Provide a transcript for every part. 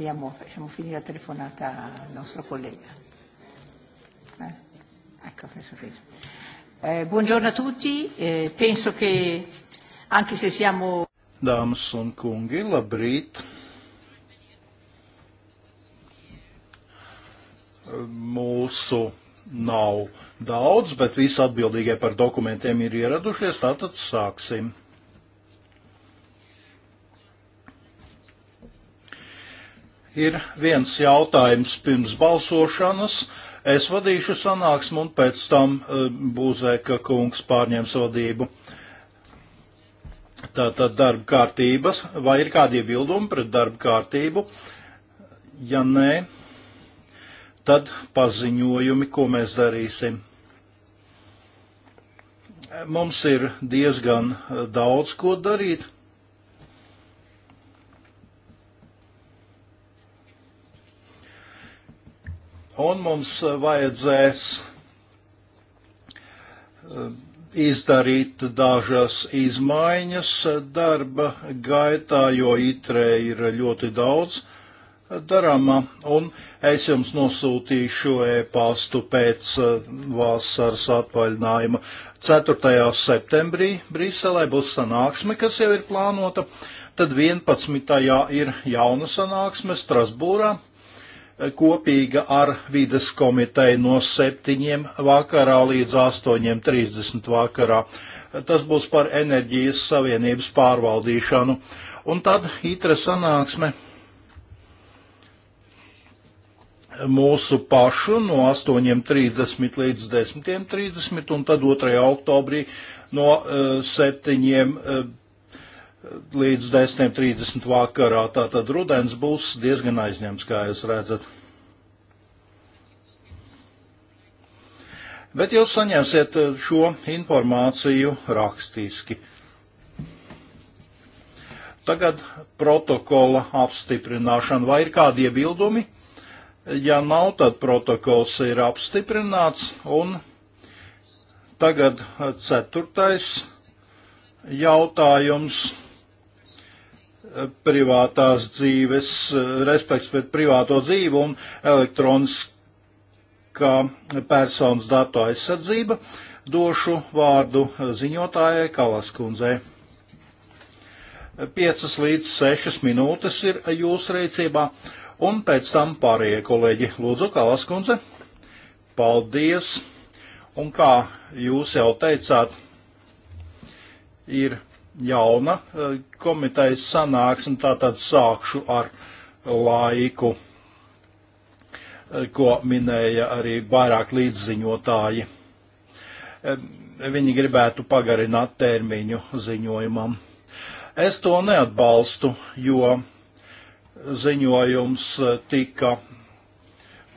Abbiamo, facciamo finire la telefonata al nostro collega. Eh? Ecco, eh, buongiorno a tutti, eh, penso che anche se siamo. Dāmas un kungi, labrīt! Mūsu nav daudz, bet visi atbildīgie par dokumentiem ir ieradušies, tātad sāksim. Ir viens jautājums pirms balsošanas. Es vadīšu sanāksmu un pēc tam eh, Būzēka kungs pārņems vadību. Tātad darba kārtības, vai ir kādi iebildumi pret darba kārtību? Ja nē, tad paziņojumi, ko mēs darīsim. Mums ir diezgan eh, daudz ko darīt. un mums eh, vajadzēs eh, izdarīt dažas izmaiņas darba gaitā, jo itrē ir ļoti daudz darāmā, un es jums nosūtīšu e-pastu pēc eh, vasaras atvaļinājuma. 4. septembrī Briselē būs sanāksme, kas jau ir plānota, tad 11. ir jauna sanāksme Strasbūrā, kopīga ar vides komiteju no 7. vakarā līdz 8.30 vakarā. Tas būs par enerģijas savienības pārvaldīšanu. Un tad itra sanāksme mūsu pašu no 8.30 līdz 10.30 un tad 2. oktobrī no 7. Eh, līdz 10.30 vakarā. Tātad rudens būs diezgan aizņemts, kā jūs redzat. Bet jūs saņemsiet eh, šo informāciju rakstiski. Tagad protokola apstiprināšana. Vai ir kādi iebildumi? Ja nav, tad protokols ir apstiprināts. Un tagad eh, ceturtais jautājums privātās dzīves, respekts pret privāto dzīvi un elektroniskā personas datu aizsardzība. Došu vārdu ziņotājai Kalaskundzei. Piecas līdz sešas minūtes ir jūsu rīcībā, un pēc tam pārējie kolēģi. Lūdzu, Kalaskundze, paldies! Un kā jūs jau teicāt, ir jauna e, komitejas sanāksme, tātad sākšu ar laiku, e, ko minēja arī vairāk līdziņotāji. E, viņi gribētu pagarināt termiņu ziņojumam. Es to neatbalstu, jo ziņojums tika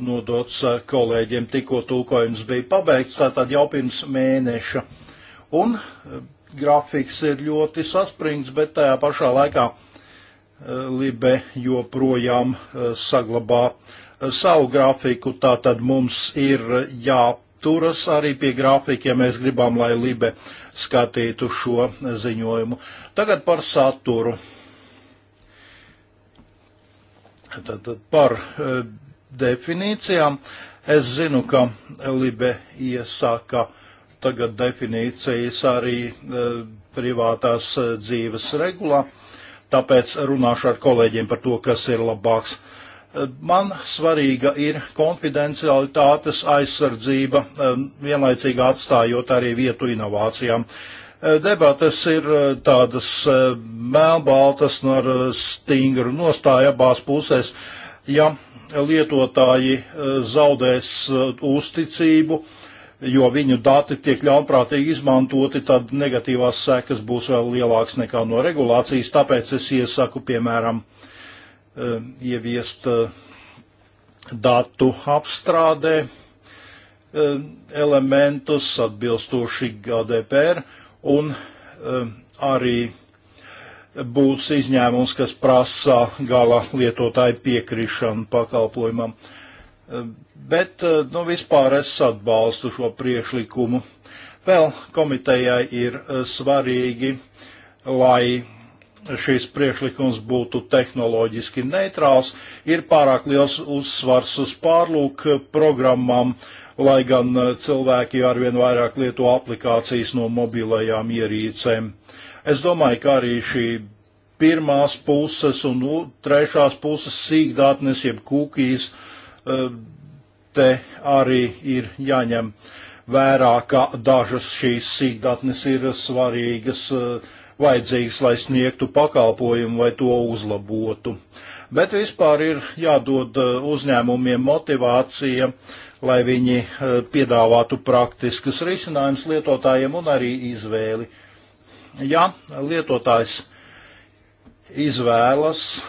nodots kolēģiem tikko tulkojums bija pabeigts, tātad jau pirms mēneša. Un grafiks ir ļoti saspringts, bet tajā pašā laikā eh, Libe joprojām eh, saglabā eh, savu grafiku, tā tad mums ir jāturas arī pie grafika, ja mēs gribam, lai Libe skatītu šo ziņojumu. Tagad par saturu. Tad, tad par definīcijām. Es zinu, ka Libe iesāka uh, tagad definīcijas arī e, privātās e, dzīves regulā, tāpēc runāšu ar kolēģiem par to, kas ir labāks. E, man svarīga ir konfidencialitātes aizsardzība, vienlaicīgi atstājot arī vietu inovācijām. Debates ir tādas melnbaltas ar stingru nostāju abās pusēs. Ja lietotāji zaudēs uzticību, uh, jo viņu dati tiek ļaunprātīgi izmantoti, tad negatīvās sekas būs vēl lielākas nekā no regulācijas. Tāpēc es iesaku, piemēram, eh, ieviest eh, datu apstrādē eh, elementus atbilstoši GDPR un arī būs izņēmums, kas prasa gala lietotāju piekrišanu pakalpojumam. Uh, bet eh, nu, vispār es atbalstu šo priekšlikumu. Vēl komitejai ir eh, svarīgi, lai šīs priekšlikums būtu tehnoloģiski neitrāls, ir pārāk liels uzsvars uz pārlūk programmām, lai gan eh, cilvēki arvien vairāk lieto aplikācijas no mobilajām ierīcēm. Es domāju, ka arī šī pirmās puses un trešās puses sīkdātnes jeb kūkīs uh, Ehm, te arī ir jāņem vērā, ka dažas šīs sīkdatnes ir svarīgas, eh, vajadzīgas, lai sniegtu pakalpojumu vai to uzlabotu. Bet vispār ir jādod eh, uzņēmumiem motivācija, lai viņi eh, piedāvātu praktiskas risinājumus lietotājiem un arī izvēli. Ja lietotājs izvēlas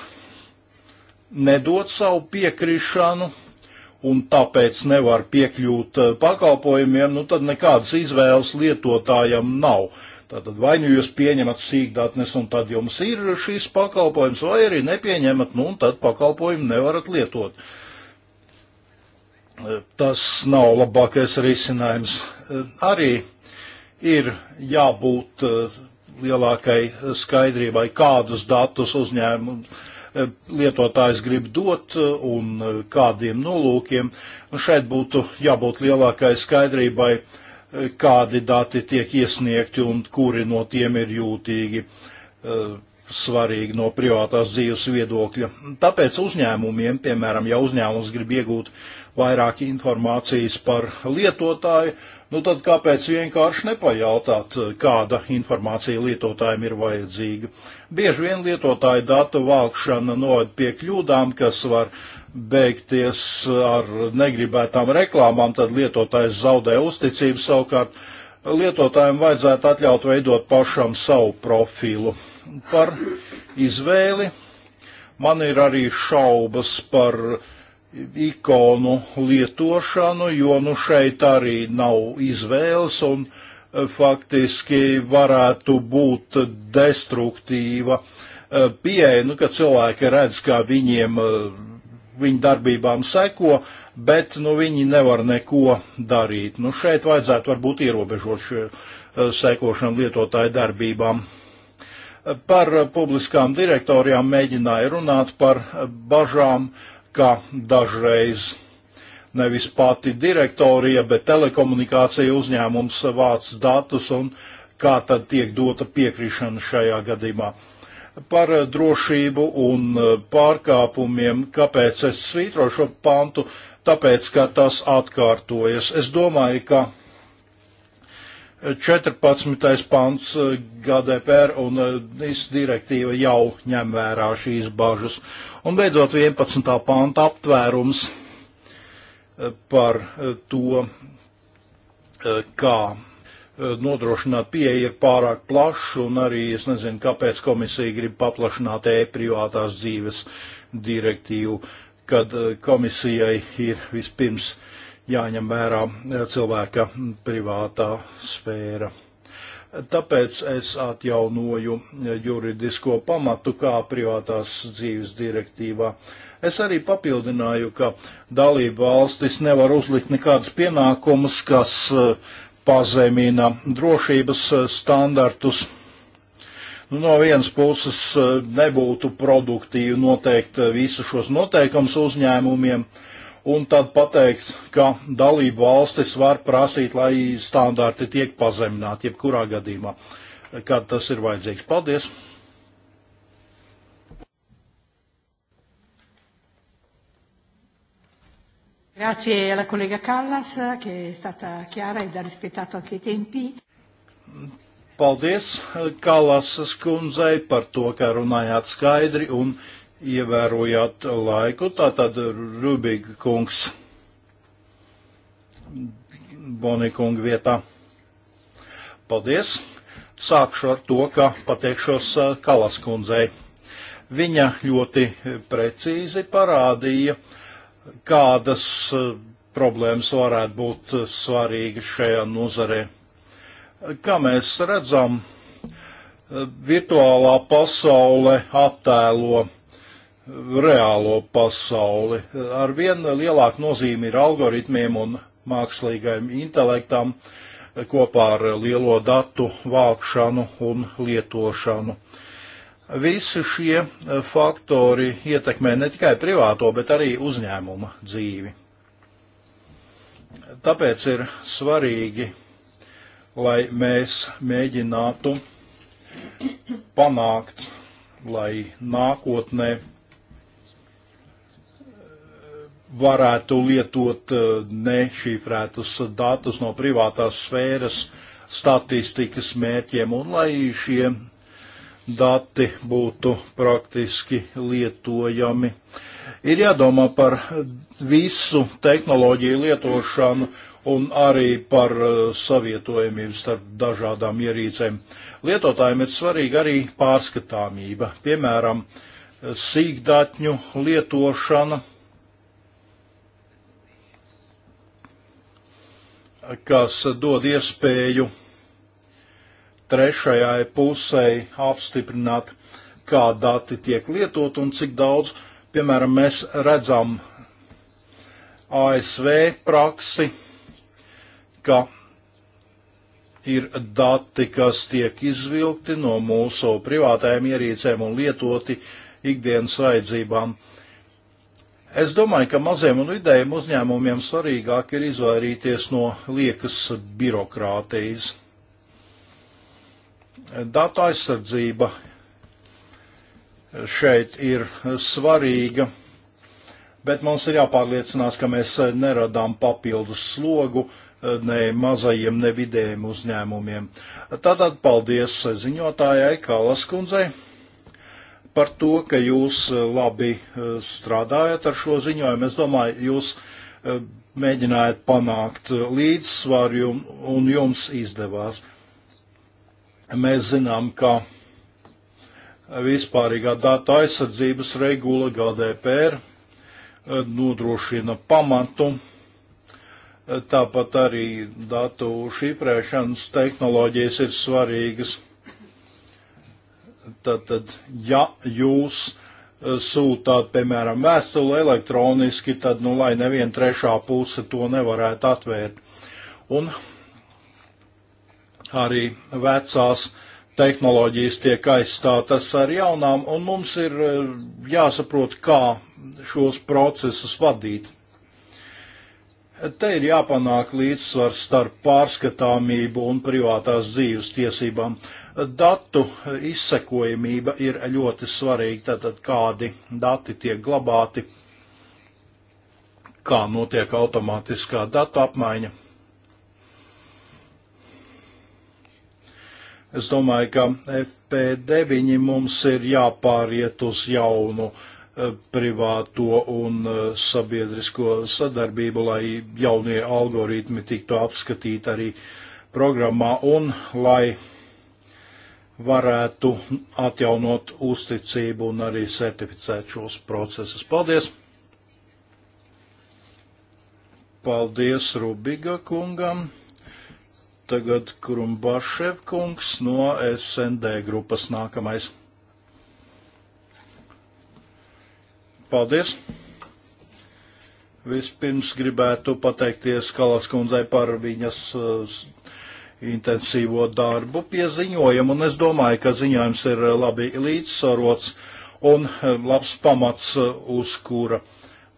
nedot savu piekrišanu un tāpēc nevar piekļūt eh, pakalpojumiem, nu tad nekādas izvēles lietotājam nav. Tātad vai nu jūs pieņemat sīkdatnes un tad jums ir šis pakalpojums, vai arī nepieņemat, nu un tad pakalpojumu nevarat lietot. Eh, tas nav labākais risinājums. Eh, arī ir jābūt lielākai skaidrībai, kādus datus uzņēmumu Eh, lietotājs grib dot eh, un eh, kādiem nolūkiem. Un šeit būtu jābūt lielākai skaidrībai, kādi dati tiek iesniegti un kuri no tiem ir jūtīgi svarīgi no privātās dzīves viedokļa. Tāpēc uzņēmumiem, piemēram, ja uzņēmums grib iegūt vairāk informācijas par lietotāju, Nu tad kāpēc vienkārši nepajautāt, eh, kāda informācija lietotājiem ir vajadzīga? Bieži vien lietotāja datu vākšana noved pie kļūdām, kas var beigties ar negribētām reklāmām, tad lietotājs zaudē uzticību savukārt. Lietotājiem vajadzētu atļaut veidot pašam savu profilu. Par izvēli man ir arī šaubas par uh, ikonu lietošanu, jo nu šeit arī nav izvēles un e, faktiski varētu būt destruktīva e, pieeja, nu, ka cilvēki redz, kā viņiem, e, viņu darbībām seko, bet, nu, viņi nevar neko darīt. Nu, šeit vajadzētu varbūt ierobežot šo sekošanu lietotāju darbībām. Par publiskām direktorijām mēģināja runāt par bažām, uh, ka dažreiz nevis pati direktorija, bet telekomunikācija uzņēmums vāc datus un kā tad tiek dota piekrišana šajā gadījumā. Par drošību un pārkāpumiem, kāpēc es svītrošu pantu, tāpēc, ka tas atkārtojas. Es domāju, ka 14. pants eh, GDPR un eh, NIS direktīva jau ņem vērā šīs bažas. Un beidzot 11. panta aptvērums eh, par to, kā nodrošināt pieeja ir pārāk plaša, un arī es nezinu, kāpēc komisija grib paplašināt e-privātās dzīves direktīvu, kad komisijai ir vispirms uh, jāņem vērā eh, cilvēka privātā sfēra. Tāpēc es atjaunoju eh, juridisko pamatu kā privātās dzīves direktīvā. Es arī papildināju, ka dalība valstis nevar uzlikt nekādus pienākumus, kas eh, pazemina drošības standartus. Nu, no vienas puses nebūtu produktīvi noteikt visus šos noteikumus uzņēmumiem, uh, un tad pateiks, ka dalību valstis var prasīt, lai standarti tiek pazemināti, jebkurā gadījumā, kad tas ir vajadzīgs. Paldies! Grazie alla collega Callas che è stata chiara ed ha rispettato anche i tempi. Paldies Kallasas kundzei par to, ka runājāt skaidri un ievērojāt laiku. Tātad Rubīga kungs Bonikunga vietā. Paldies! Sākšu ar to, ka pateikšos uh, Kalas kundzei. Viņa ļoti precīzi parādīja, kādas uh, problēmas varētu būt uh, svarīgas šajā nozarē. Kā mēs redzam, virtuālā pasaule attēlo reālo pasauli. Arvien lielāka nozīme ir algoritmiem un mākslīgajam intelektam kopā ar lielo datu vākšanu un lietošanu. Visi šie faktori ietekmē ne tikai privāto, bet arī uzņēmuma dzīvi. Tāpēc ir svarīgi, lai mēs mēģinātu panākt, lai nākotnē varētu lietot eh, nešifrētus datus no privātās sfēras statistikas mērķiem un lai šie dati būtu praktiski lietojami. Ir jādomā par visu tehnoloģiju lietošanu un arī par eh, savietojamību starp dažādām ierīcēm. Lietotājiem ir svarīga arī pārskatāmība, piemēram, eh, sīkdatņu lietošana kas dod iespēju trešajai pusei apstiprināt, kā dati tiek lietot un cik daudz, piemēram, mēs redzam ASV praksi, ka ir dati, kas tiek izvilkti no mūsu privātajām ierīcēm un lietoti ikdienas vajadzībām. Uh, Es domāju, ka maziem un vidējiem uzņēmumiem svarīgāk ir izvairīties no liekas birokrātijas. Data aizsardzība šeit ir svarīga, bet mums ir jāpārliecinās, ka mēs neradām papildus slogu ne mazajiem, ne vidējiem uzņēmumiem. Tātad paldies ziņotājai Kalas kundzei par to, ka jūs eh, labi eh, strādājat ar šo ziņojumu. Es domāju, jūs eh, mēģinājāt panākt līdzsvaru un jums izdevās. Mēs zinām, ka vispārīgā data aizsardzības regula GDPR nodrošina pamatu. Tāpat arī datu šifrēšanas tehnoloģijas ir svarīgas Tātad, ja jūs e, sūtāt, piemēram, vēstuli elektroniski, tad, nu, lai neviena trešā puse to nevarētu atvērt. Un arī vecās tehnoloģijas tiek aizstātas ar jaunām, un mums ir e, jāsaprot, kā šos procesus vadīt. Te ir jāpanāk līdzsvars starp pārskatāmību un privātās dzīves tiesībām. Datu izsekojamība ir ļoti svarīga, tātad kādi dati tiek glabāti, kā notiek automātiskā datu apmaiņa. Es domāju, ka FP9 mums ir jāpāriet uz jaunu eh, privāto un eh, sabiedrisko sadarbību, lai jaunie algoritmi tiktu apskatīti arī programmā un lai varētu atjaunot uzticību un arī certificēt šos procesus. Paldies! Paldies Rubiga kungam! Tagad Krumbašev kungs no SND grupas nākamais. Paldies! Vispirms gribētu pateikties Kalas kundzei par viņas uh, intensīvo darbu pie ziņojuma, un es domāju, ka ziņojums ir eh, labi līdzsvarots un eh, labs pamats, eh, uz kura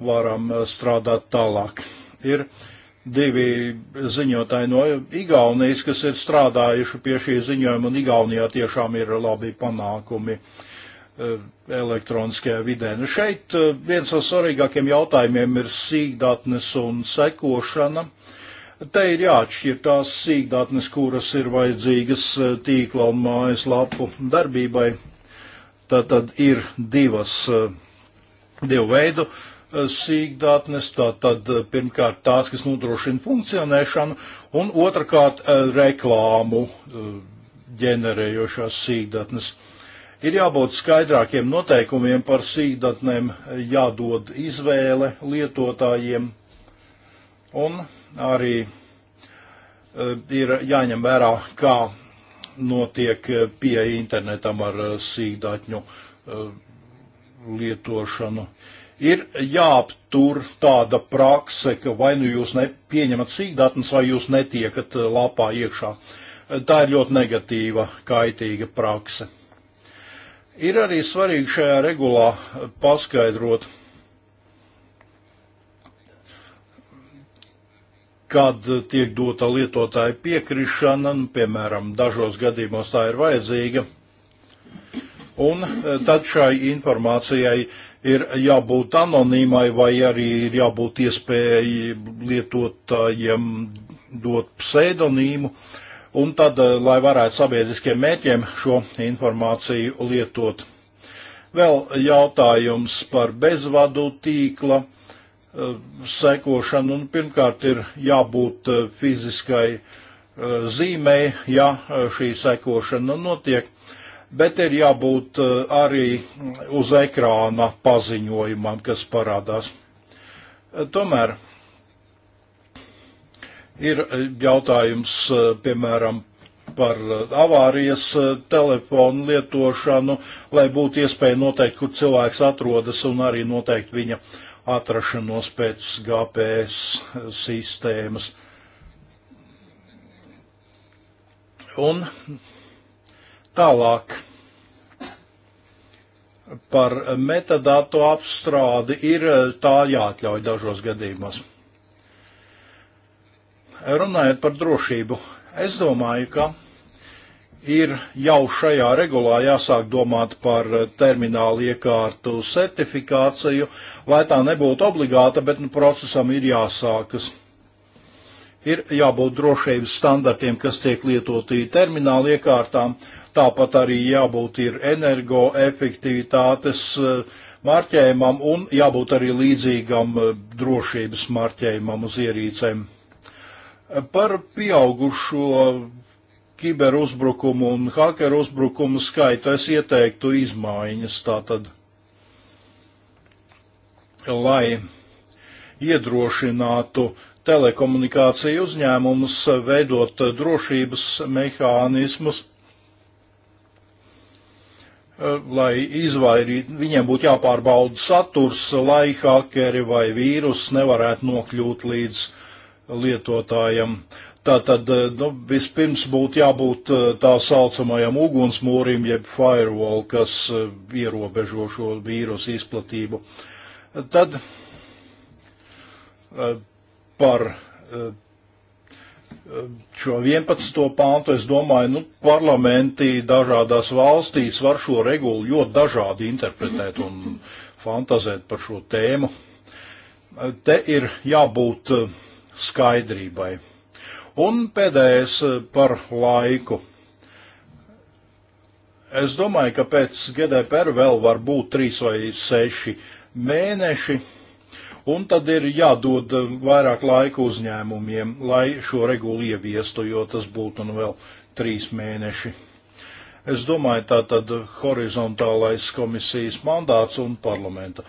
varam strādāt tālāk. Ir divi ziņotāji no Igaunijas, kas ir strādājuši pie šī ziņojuma, un Igaunijā tiešām ir labi panākumi elektroniskajā vidē. Nu šeit viens no svarīgākiem jautājumiem ir sīkdatnes un sekošana. Uh, Te ir jāatšķir tās sīkdatnes, kuras ir vajadzīgas eh, tīkla un mājaslapu darbībai. Tā tad ir divas, eh, divu veidu eh, sīkdatnes, tā tad pirmkārt tās, kas nodrošina funkcionēšanu, un otrkārt reklāmu ģenerējošās sīkdatnes. Ir jābūt skaidrākiem noteikumiem par sīkdatnēm, jādod izvēle lietotājiem, un arī eh, ir jāņem vērā, kā notiek eh, pieeja internetam ar eh, sīkdatņu lietošanu. Ir jāaptur tāda prakse, ka vai nu jūs nepieņemat sīkdatnes, vai jūs netiekat lapā iekšā. Tā ir ļoti negatīva, kaitīga prakse. Ir arī svarīgi šajā regulā paskaidrot, kad tiek dota lietotāja piekrišana, nu, piemēram, dažos gadījumos tā ir vajadzīga. Un e, tad šai informācijai ir jābūt anonīmai vai arī ir jābūt iespējai lietotājiem dot pseidonīmu. Un tad, e, lai varētu sabiedriskiem mēķiem šo informāciju lietot. Vēl jautājums par bezvadu tīkla Eh, sekošanu, un pirmkārt ir jābūt eh, fiziskai eh, zīmei, ja šī sekošana notiek, bet ir jābūt arī uz ekrāna paziņojumam, kas parādās. Tomēr ir jautājums, piemēram, par avārijas telefonu lietošanu, lai būtu iespēja noteikt, kur cilvēks atrodas un arī noteikt viņa atrašanos pēc GPS sistēmas. Un tālāk par metadātu apstrādi ir tā jāatļauj dažos gadījumos. Runājot par drošību, es domāju, ka ir jau šajā regulā jāsāk domāt par terminālu iekārtu certifikāciju, lai tā nebūtu obligāta, bet nu, procesam ir jāsākas. Ir jābūt drošības standartiem, kas tiek lietoti terminālu iekārtām, tāpat arī jābūt ir energoefektivitātes eh, marķējumam un jābūt arī līdzīgam eh, drošības marķējumam uz ierīcēm. Par pieaugušo kiberuzbrukumu un hakeru uzbrukumu skaitu, es ieteiktu izmaiņas tātad, lai iedrošinātu telekomunikāciju uzņēmumus veidot drošības mehānismus, lai izvairīt, viņiem būtu jāpārbauda saturs, lai hakeri vai vīrus nevarētu nokļūt līdz lietotājiem. Uh, Tātad eh, nu, vispirms būtu jābūt eh, tā saucamajam ugunsmūrim, jeb firewall, kas eh, ierobežo šo vīrusu izplatību. Tad par šo 11. pāntu, es domāju, nu, parlamenti dažādās valstīs var šo regulu ļoti dažādi interpretēt un fantazēt par šo tēmu. Te ir jābūt skaidrībai. Un pēdējais eh, par laiku. Es domāju, ka pēc GDPR vēl var būt trīs vai seši mēneši, un tad ir jādod eh, vairāk laika uzņēmumiem, lai šo regulu ieviestu, jo tas būtu nu vēl trīs mēneši. Es domāju, tā tad horizontālais komisijas mandāts un parlamenta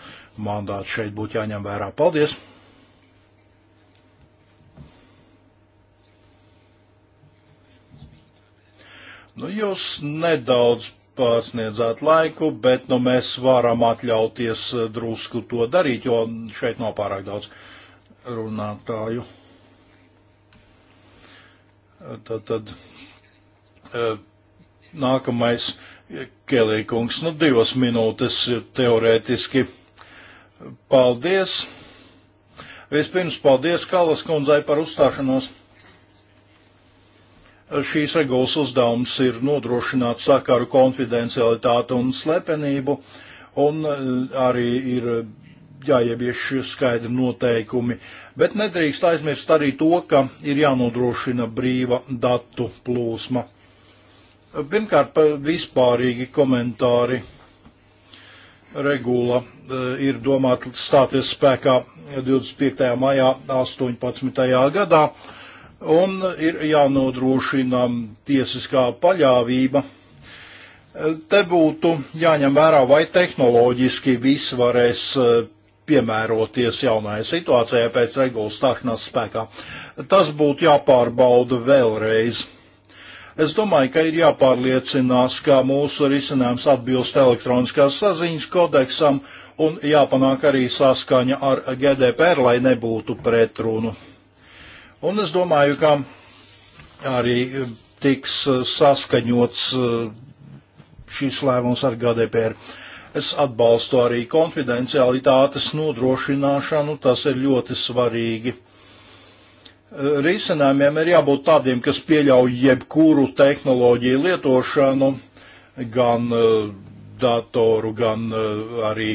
mandāts šeit būtu jāņem vērā. Paldies! Nu, jūs nedaudz pārsniedzāt laiku, bet nu, mēs varam atļauties eh, drusku to darīt, jo šeit nav pārāk daudz runātāju. Eh, tad, tad eh, nākamais Kelīkungs, nu divas minūtes teorētiski. Paldies! Vispirms paldies Kalas kundzai par uzstāšanos. Šīs regulas uzdevums ir nodrošināt sakaru konfidencialitāti un slepenību, un eh, arī ir jāievieš skaidri noteikumi, bet nedrīkst aizmirst arī to, ka ir jānodrošina brīva datu plūsma. Pirmkārt, vispārīgi komentāri regula eh, ir domāta stāties spēkā 25. maijā 18. gadā un ir jānodrošina tiesiskā paļāvība. Te būtu jāņem vērā, vai tehnoloģiski viss varēs eh, piemēroties jaunajai situācijai pēc regulas stāšanās spēkā. Tas būtu jāpārbauda vēlreiz. Es domāju, ka ir jāpārliecinās, ka mūsu risinājums atbilst elektroniskās saziņas kodeksam un jāpanāk arī saskaņa ar GDPR, lai nebūtu pretrunu. Un es domāju, ka arī e, tiks e, saskaņots e, šis lēmums ar GDPR. Es atbalstu arī konfidencialitātes nodrošināšanu, tas ir ļoti svarīgi. Risinājumiem ir jābūt tādiem, kas pieļauj jebkuru tehnoloģiju lietošanu, gan datoru, gan arī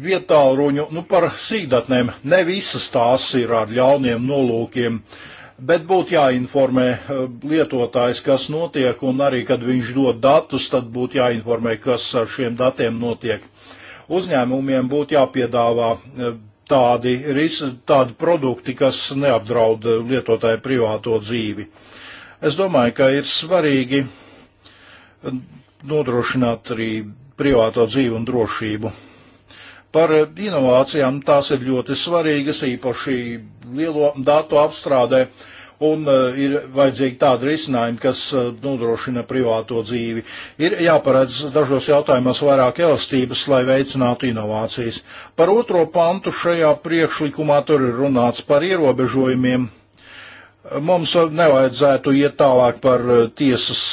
vietālruņu, nu par sīkdatnēm, ne visas tās ir ar ļauniem nolūkiem, bet būtu jāinformē eh, lietotājs, kas notiek, un arī, kad viņš dod datus, tad būtu jāinformē, kas ar šiem datiem notiek. Uzņēmumiem būtu jāpiedāvā eh, tādi, tādi produkti, kas neapdraud eh, lietotāju privāto dzīvi. Es domāju, ka ir svarīgi nodrošināt arī privāto dzīvi un drošību. Par inovācijām tās ir ļoti svarīgas, īpaši lielo datu apstrādē, un eh, ir vajadzīgi tādi risinājumi, kas eh, nodrošina privāto dzīvi. Ir jāparedz dažos jautājumos vairāk elastības, lai veicinātu inovācijas. Par otro pantu šajā priekšlikumā tur ir runāts par ierobežojumiem, mums nevajadzētu iet tālāk par eh, tiesas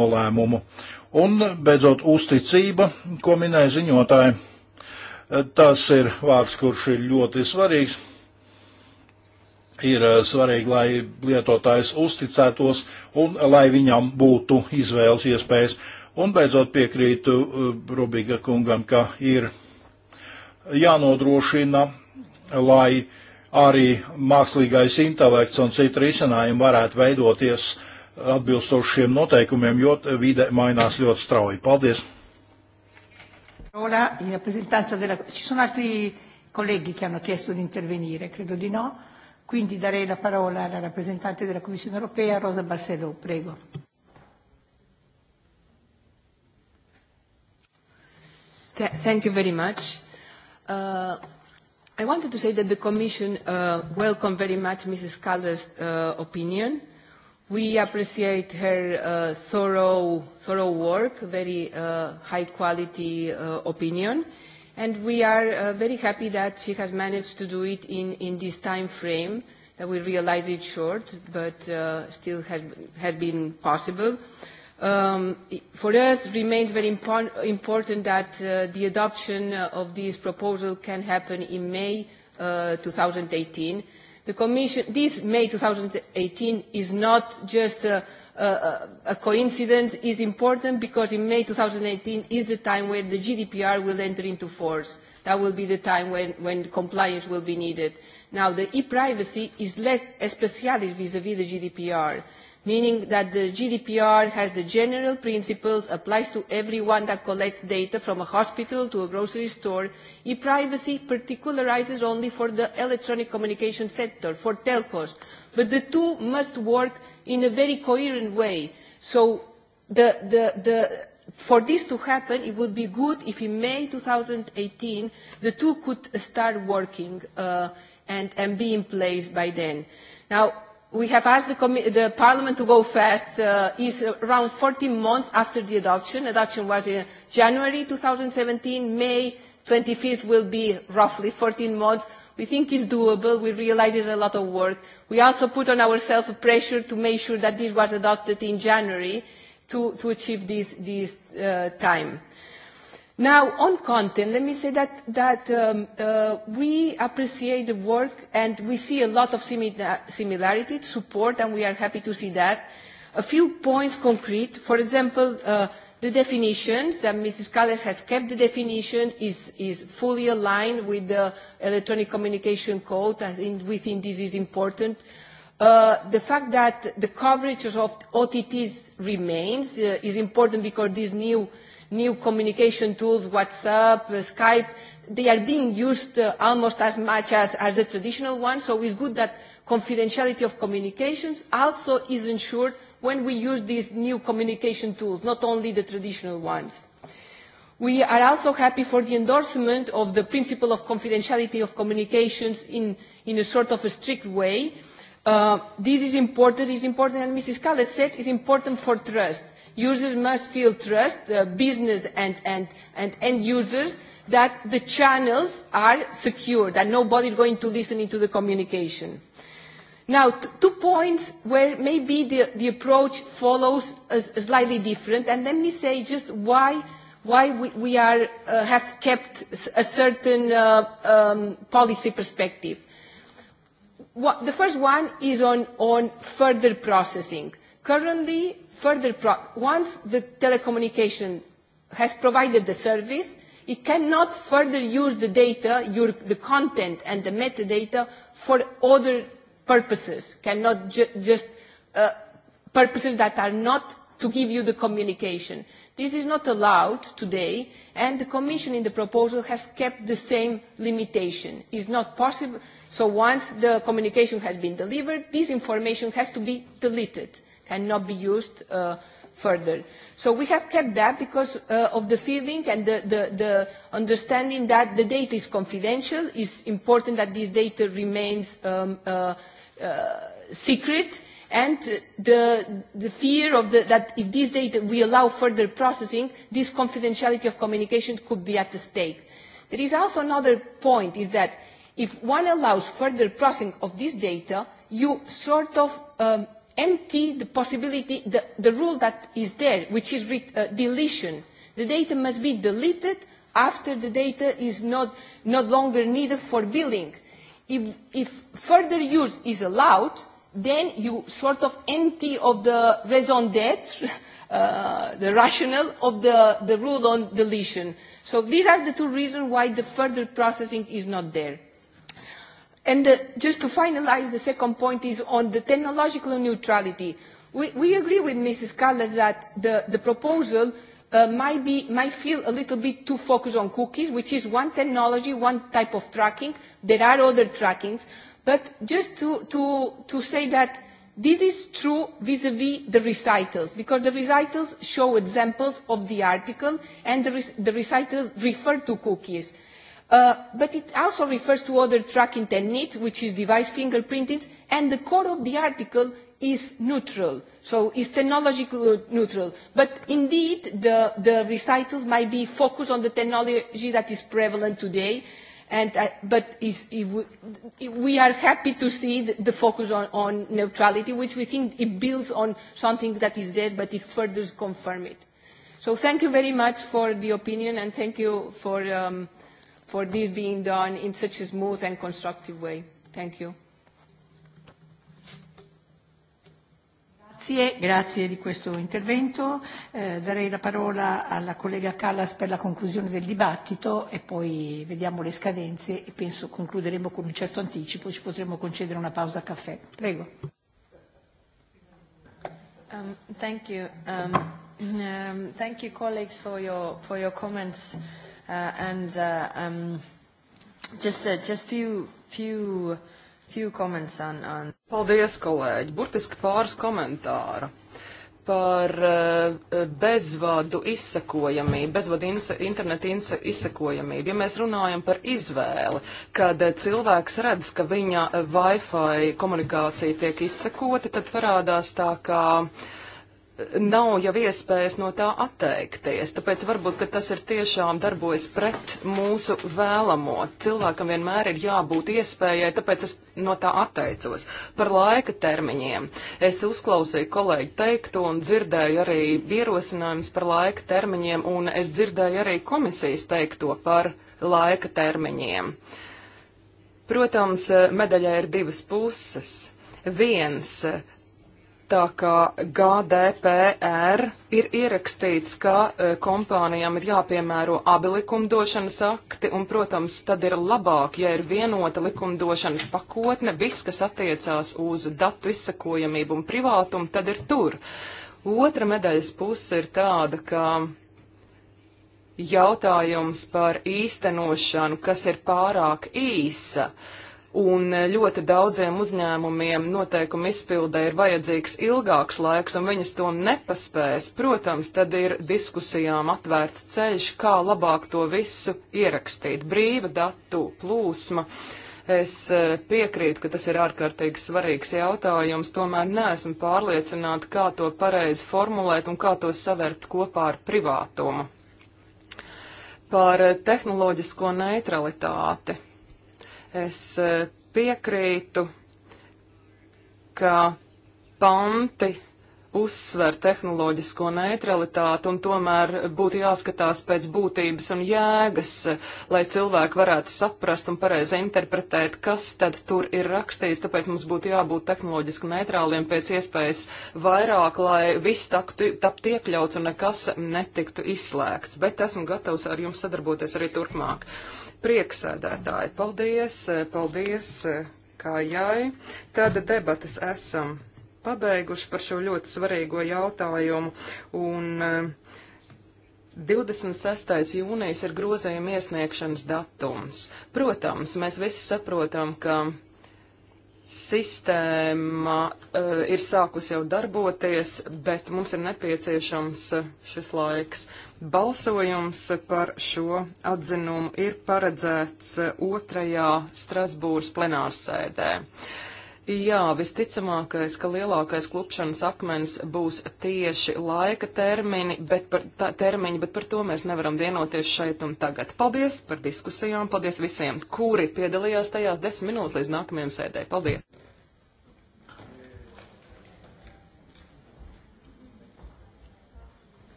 nolēmumu. Un, beidzot, uzticība, ko minēja ziņotāji. Tas ir vārds, kurš ir ļoti svarīgs. Ir eh, svarīgi, lai lietotājs uzticētos un lai viņam būtu izvēles iespējas. Un beidzot piekrītu eh, Rubiga kungam, ka ir jānodrošina, lai arī mākslīgais intelekts un citi risinājumi varētu veidoties atbilstoši šiem noteikumiem, jo vide mainās ļoti strauji. Paldies! Ora in rappresentanza della... Ci sono altri colleghi che hanno chiesto di intervenire, credo di no. Quindi darei la parola alla rappresentante della Commissione europea, Rosa Barcelò, prego. Th thank you very much. Uh, I wanted to say that the Commission uh, welcomed very much Mrs. Calder's uh, opinion We appreciate her uh, thorough, thorough work, very uh, high quality uh, opinion, and we are uh, very happy that she has managed to do it in, in this time frame that we realize it's short, but uh, still has, has been possible. Um, for us, remains very impo important that uh, the adoption of this proposal can happen in May uh, 2018, The Commission, this May 2018 is not just a, a, a coincidence, is important because in May 2018 is the time where the GDPR will enter into force. That will be the time when, when compliance will be needed. Now, the e-privacy is less especially vis-à-vis -vis the GDPR meaning that the GDPR has the general principles, applies to everyone that collects data from a hospital to a grocery store. E-privacy particularizes only for the electronic communication sector, for telcos. But the two must work in a very coherent way. So the, the, the, for this to happen, it would be good if in May 2018 the two could start working uh, and, and be in place by then. Now, we have asked the, the Parliament to go fast uh, is around 14 months after the adoption. Adoption was in January 2017. May 25th will be roughly 14 months. We think it's doable. We realize it's a lot of work. We also put on ourselves a pressure to make sure that this was adopted in January to, to achieve this, this uh, time. Uh, Now, on content, let me say that, that um, uh, we appreciate the work and we see a lot of simila similarity, support, and we are happy to see that. A few points concrete, for example, uh, the definitions that Mrs. Calles has kept the definition is, is fully aligned with the electronic communication code. I think we think this is important. Uh, the fact that the coverage of OTTs remains uh, is important because this new uh, new communication tools, WhatsApp, uh, Skype, they are being used uh, almost as much as, as the traditional ones, so it's good that confidentiality of communications also is ensured when we use these new communication tools, not only the traditional ones. We are also happy for the endorsement of the principle of confidentiality of communications in, in a sort of a strict way. Uh, this is important, is important, and Mrs. Khaled said, is important for trust. Users must feel trust, uh, business and, and, and end users, that the channels are secure, that nobody is going to listen into the communication. Now, t- two points where maybe the, the approach follows a, a slightly different, and let me say just why why we, we are, uh, have kept a certain uh, um, policy perspective. What, the first one is on, on further processing. Currently, further pro once the telecommunication has provided the service, it cannot further use the data, your, the content and the metadata for other purposes, cannot ju just uh, purposes that are not to give you the communication. This is not allowed today, and the Commission in the proposal has kept the same limitation. It's not possible. So once the communication has been delivered, this information has to be deleted cannot be used uh, further. So we have kept that because uh, of the feeling and the, the, the understanding that the data is confidential. It's important that this data remains um, uh, uh, secret and the, the fear of the, that if this data we allow further processing, this confidentiality of communication could be at the stake. There is also another point is that if one allows further processing of this data, you sort of um, empty the possibility, the, the rule that is there, which is re, uh, deletion. The data must be deleted after the data is not, not longer needed for billing. If, if further use is allowed, then you sort of empty of the raison d'etre, uh, the rationale of the, the rule on deletion. So these are the two reasons why the further processing is not there. And uh, just to finalize, the second point is on the technological neutrality. We, we agree with Mrs. Callas that the, the proposal uh, might, be, might feel a little bit too focused on cookies, which is one technology, one type of tracking. There are other trackings. But just to, to, to say that this is true vis-à-vis -vis the recitals, because the recitals show examples of the article, and the, re the recitals refer to cookies. Uh, Uh, but it also refers to other tracking techniques, which is device fingerprinting, and the core of the article is neutral, so it's technologically neutral. But indeed, the, the recitals might be focused on the technology that is prevalent today, and, uh, but is, it w we are happy to see the, the focus on, on neutrality, which we think it builds on something that is there, but it further confirms it. So thank you very much for the opinion, and thank you for... Um, for this being done in such a smooth and constructive way. Thank you. Grazie, grazie di questo intervento. Eh, darei la parola alla collega Callas per la conclusione del dibattito e poi vediamo le scadenze e penso concluderemo con un certo anticipo, ci potremo concedere una pausa a caffè. Prego. Um, thank you. Um, um, thank you colleagues for your, for your comments. Uh, Uh, and uh, um, just uh, just few few few comments on, on. Paldies, kolēģi! Burtiski pāris komentāru par uh, bezvadu izsekojamību, bezvadu inse, internetu inse, izsekojamību. Ja mēs runājam par izvēli, kad uh, cilvēks redz, ka viņa uh, Wi-Fi komunikācija tiek izsekota, tad parādās tā kā uh, nav jau iespējas no tā atteikties. Tāpēc varbūt, ka tas ir tiešām darbojas pret mūsu vēlamo. Cilvēkam vienmēr ir jābūt iespējai, tāpēc es no tā atteicos. Par laika termiņiem. Es uzklausīju kolēģi teikto un dzirdēju arī ierosinājumus par laika termiņiem, un es dzirdēju arī komisijas teikto par laika termiņiem. Protams, medaļai ir divas puses. Viens Tā kā GDPR ir ierakstīts, ka e, kompānijām ir jāpiemēro abi likumdošanas akti, un, protams, tad ir labāk, ja ir vienota likumdošanas pakotne, viss, kas attiecās uz datu izsakojamību un privātumu, tad ir tur. Otra medaļas puse ir tāda, ka jautājums par īstenošanu, kas ir pārāk īsa. Uh, un ļoti daudziem uzņēmumiem noteikumu izpildē ir vajadzīgs ilgāks laiks, un viņas to nepaspēs. Protams, tad ir diskusijām atvērts ceļš, kā labāk to visu ierakstīt. Brīva datu plūsma. Es eh, piekrītu, ka tas ir ārkārtīgi svarīgs jautājums, tomēr neesmu pārliecināta, kā to pareizi formulēt un kā to savērt kopā ar privātumu. Par eh, tehnoloģisko neutralitāti Es eh, piekrītu, ka panti uzsver tehnoloģisko neutralitāti un tomēr būtu jāskatās pēc būtības un jēgas, lai cilvēki varētu saprast un pareizi interpretēt, kas tad tur ir rakstīts, tāpēc mums būtu jābūt tehnoloģiski neutrāliem pēc iespējas vairāk, lai viss taktu, taptu iekļauts un nekas netiktu izslēgts. Bet esmu gatavs ar jums sadarboties arī turpmāk. Prieksēdētāji, paldies, paldies Kājai. Tāda debatas esam pabeiguši par šo ļoti svarīgo jautājumu. Un, 26. Eh, jūnijas ir grozējuma iesniegšanas datums. Protams, mēs visi saprotam, ka sistēma uh, ir sākus jau darboties, bet mums ir nepieciešams eh, šis laiks. Uh, Balsojums par šo atzinumu ir paredzēts eh, otrajā Strasbūras plenārsēdē. Jā, visticamākais, ka lielākais klupšanas akmens būs tieši laika termini, bet par, tā, termiņi, bet par to mēs nevaram vienoties šeit un tagad. Paldies par diskusijām, paldies visiem, kuri piedalījās tajās desmit minūtes līdz nākamajam sēdē. Paldies!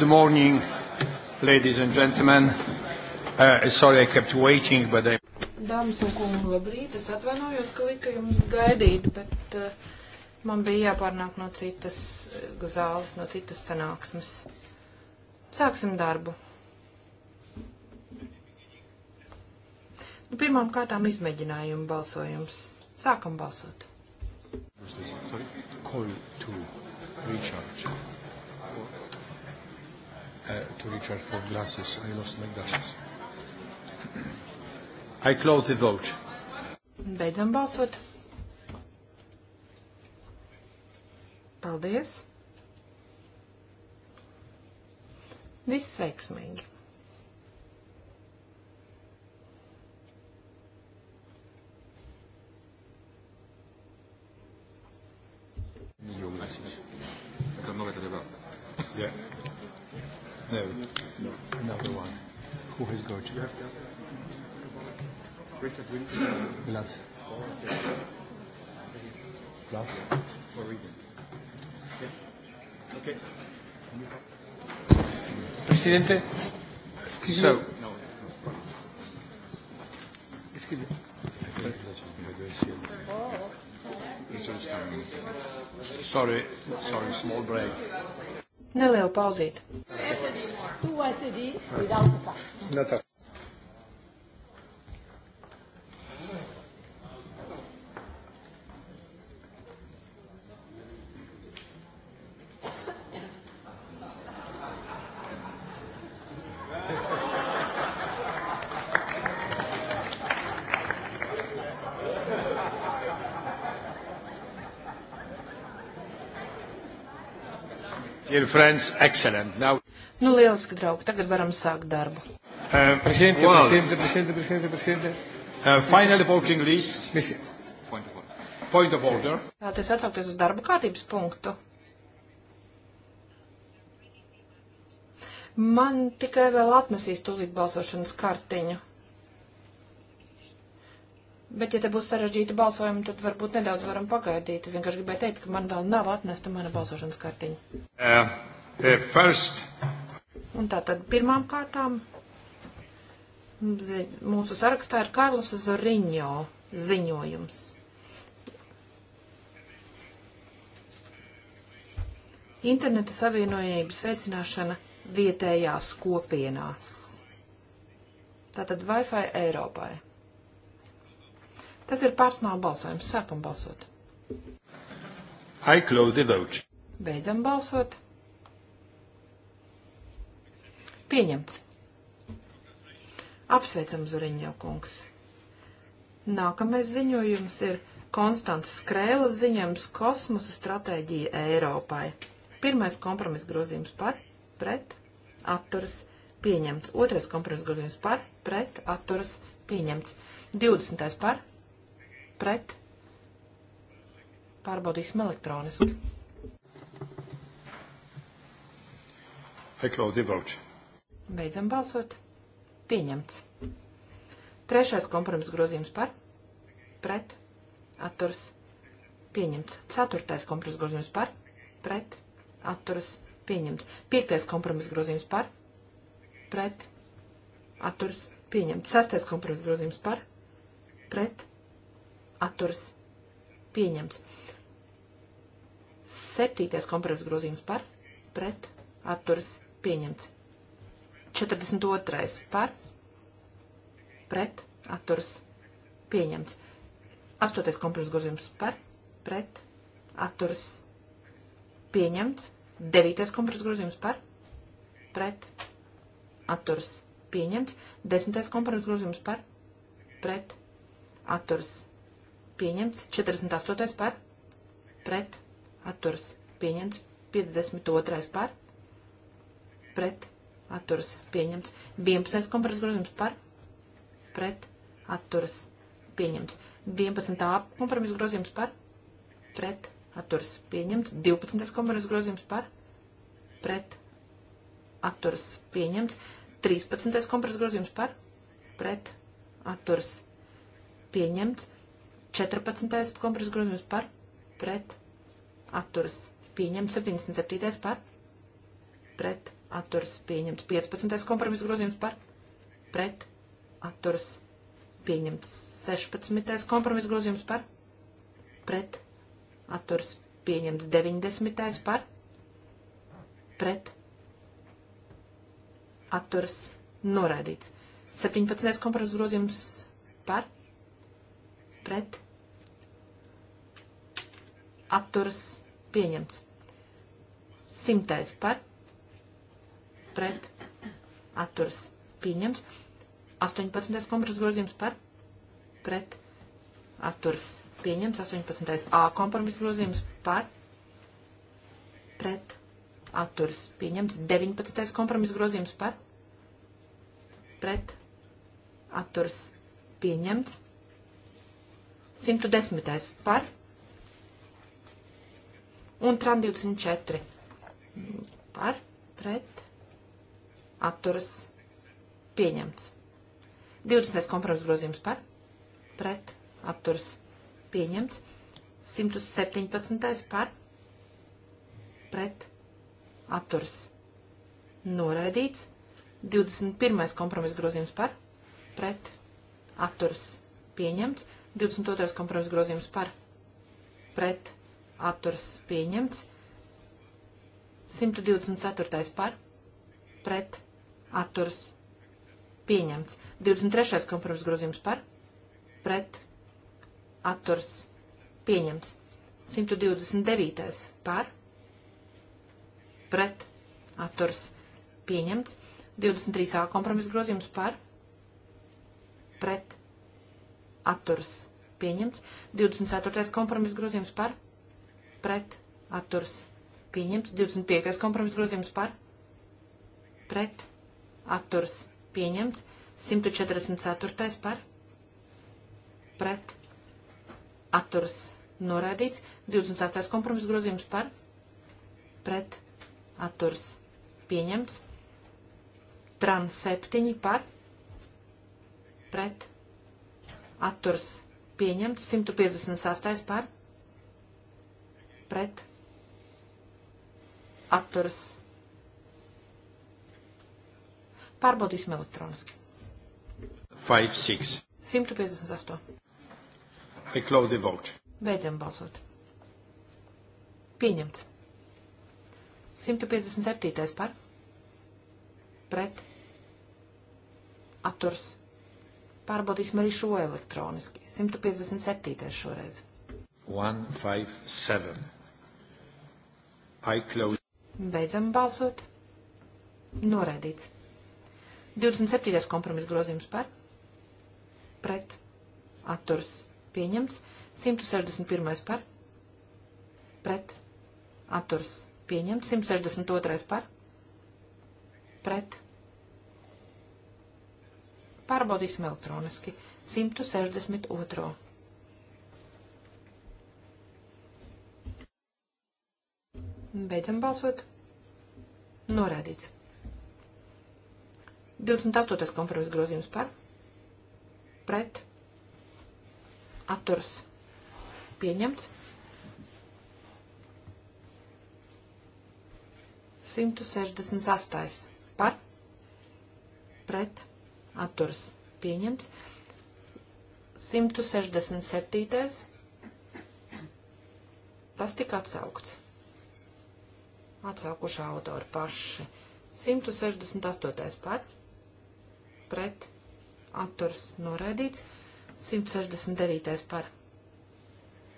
Good morning, ladies and gentlemen. Uh, sorry I kept waiting, but I... Dāmas un kungi, labrīt. Es atvainojos, ka lika jums gaidīt, bet uh, man bija jāpārnāk no citas uh, zāles, no citas sanāksmes. Sāksim darbu. Nu, pirmām kārtām izmēģinājumu balsojums. Sākam balsot. Sorry. Call to recharge uh, to Richard for glasses. I lost my glasses. I close the vote. Beidzam balsot. Paldies. Viss veiksmīgi. Grazie. Grazie. Presidente, so, excuse me. Sorry, sorry, small break. Neliela pauzīte. Nata. friends, excellent. Now... Nu, lieliski, draugi, tagad varam sākt darbu. Uh, presidente, wow. presidente, presidente, presidente, presidente. Uh, final voting list. Point of order. Point of order. Vēlaties atsaukties uz darba kārtības punktu? Man tikai vēl atnesīs tūlīt balsošanas kartiņu. Bet, ja te būs sarežģīta balsojuma, tad varbūt nedaudz varam pagaidīt. Es vienkārši gribēju teikt, ka man vēl nav atnesta mana balsošanas kartiņa. Uh, uh, first. Un tā tad pirmām kārtām mūsu sarakstā ir Karlus Zoriņo ziņojums. Interneta savienojības veicināšana vietējās kopienās. Tātad Wi-Fi Eiropai. Tas ir personāla balsojums. Sākam balsot. I close the vote. Beidzam balsot. Pieņemts. Apsveicam Zuriņo kungs. Nākamais ziņojums ir Konstants Skrēlas ziņojums kosmosa stratēģija Eiropai. Pirmais kompromiss grozījums par, pret, atturas, pieņemts. Otrais kompromiss grozījums par, pret, atturas, pieņemts. 20. par, pret. Pārbaudīsim elektroniski. Eklaudi Vauči. Beidzam balsot. Pieņemts. Trešais kompromiss grozījums par. Pret. Atturs. Pieņemts. Ceturtais kompromiss grozījums par. Pret. Atturs. Pieņemts. Piektais kompromiss grozījums par. Pret. Atturs. Pieņemts. Sastais kompromiss grozījums par. Pret atturas pieņemts. Septītais kompromiss grozījums par, pret, atturas pieņemts. 42. par, pret, atturas pieņemts. Astotais kompromiss grozījums par, pret, atturas pieņemts. Devītais kompromiss grozījums par, pret, atturas pieņemts. Desmitais kompromiss grozījums par, pret, atturas pieņemts pieņemts. 48. par, pret, atturas, pieņemts. 52. par, pret, atturas, pieņemts. 11. kompromiss grozījums par, pret, atturas, pieņemts. 11. kompromiss grozījums par, pret, atturas, pieņemts. 12. kompromiss grozījums par, pret, atturas, pieņemts. 13. kompromiss grozījums par, pret, atturas, pieņemts pieņemts. 14. kompromisa grozījums par pret atturas pieņemts. 77. par pret atturas pieņemts. 15. kompromisa grozījums par pret atturas pieņemts. 16. kompromisa grozījums par pret atturas pieņemts. 90. par pret atturas noraidīts. 17. kompromisa grozījums par pret pret atturas pieņemts. Simtais par pret atturas pieņemts. 18. kompromiss grozījums par pret atturas pieņemts. 18. A kompromiss grozījums par pret atturas pieņemts. 19. kompromiss grozījums par pret atturas pieņemts. 110. par un tran 24. par pret atturas pieņemts. 20. kompromiss grozījums par pret atturas pieņemts. 117. par pret atturas noraidīts. 21. kompromiss grozījums par pret atturas pieņemts. 22. kompromiss grozījums par pret atturas pieņemts. 124. par pret atturas pieņemts. 23. kompromiss grozījums par pret atturas pieņemts. 129. par pret atturas pieņemts. 23. kompromiss grozījums par pret atturas pieņemts atturas pieņemts. 24. kompromiss grozījums par pret atturas pieņemts. 25. kompromiss grozījums par pret atturas pieņemts. 144. par pret atturas noraidīts. 28. kompromiss grozījums par pret atturas pieņemts. Trans 7 par pret atturas atturas pieņemts, 158 par pret atturas. Pārbaudīsim elektroniski. 5, 6. 158. I close the vote. Beidzam balsot. Pieņemts. 157. par pret atturs. Pārbaudīsim arī šo elektroniski. 157. šoreiz. 157. I close. Beidzam balsot. Noraidīts. 27. kompromis grozījums par. Pret. Atturs. Pieņemts. 161. par. Pret. Atturs. Pieņemts. 162. par. Pret Pārbaudīsim elektroniski. 162. Beidzam balsot. Norādīts. 28. kompromiss grozījums par. Pret. Atturs. Pieņemts. 168. Par. Pret atturas pieņemts. 167. Tas tika atsaukts. Atsaukuši autori paši. 168. par pret atturs noraidīts. 169. par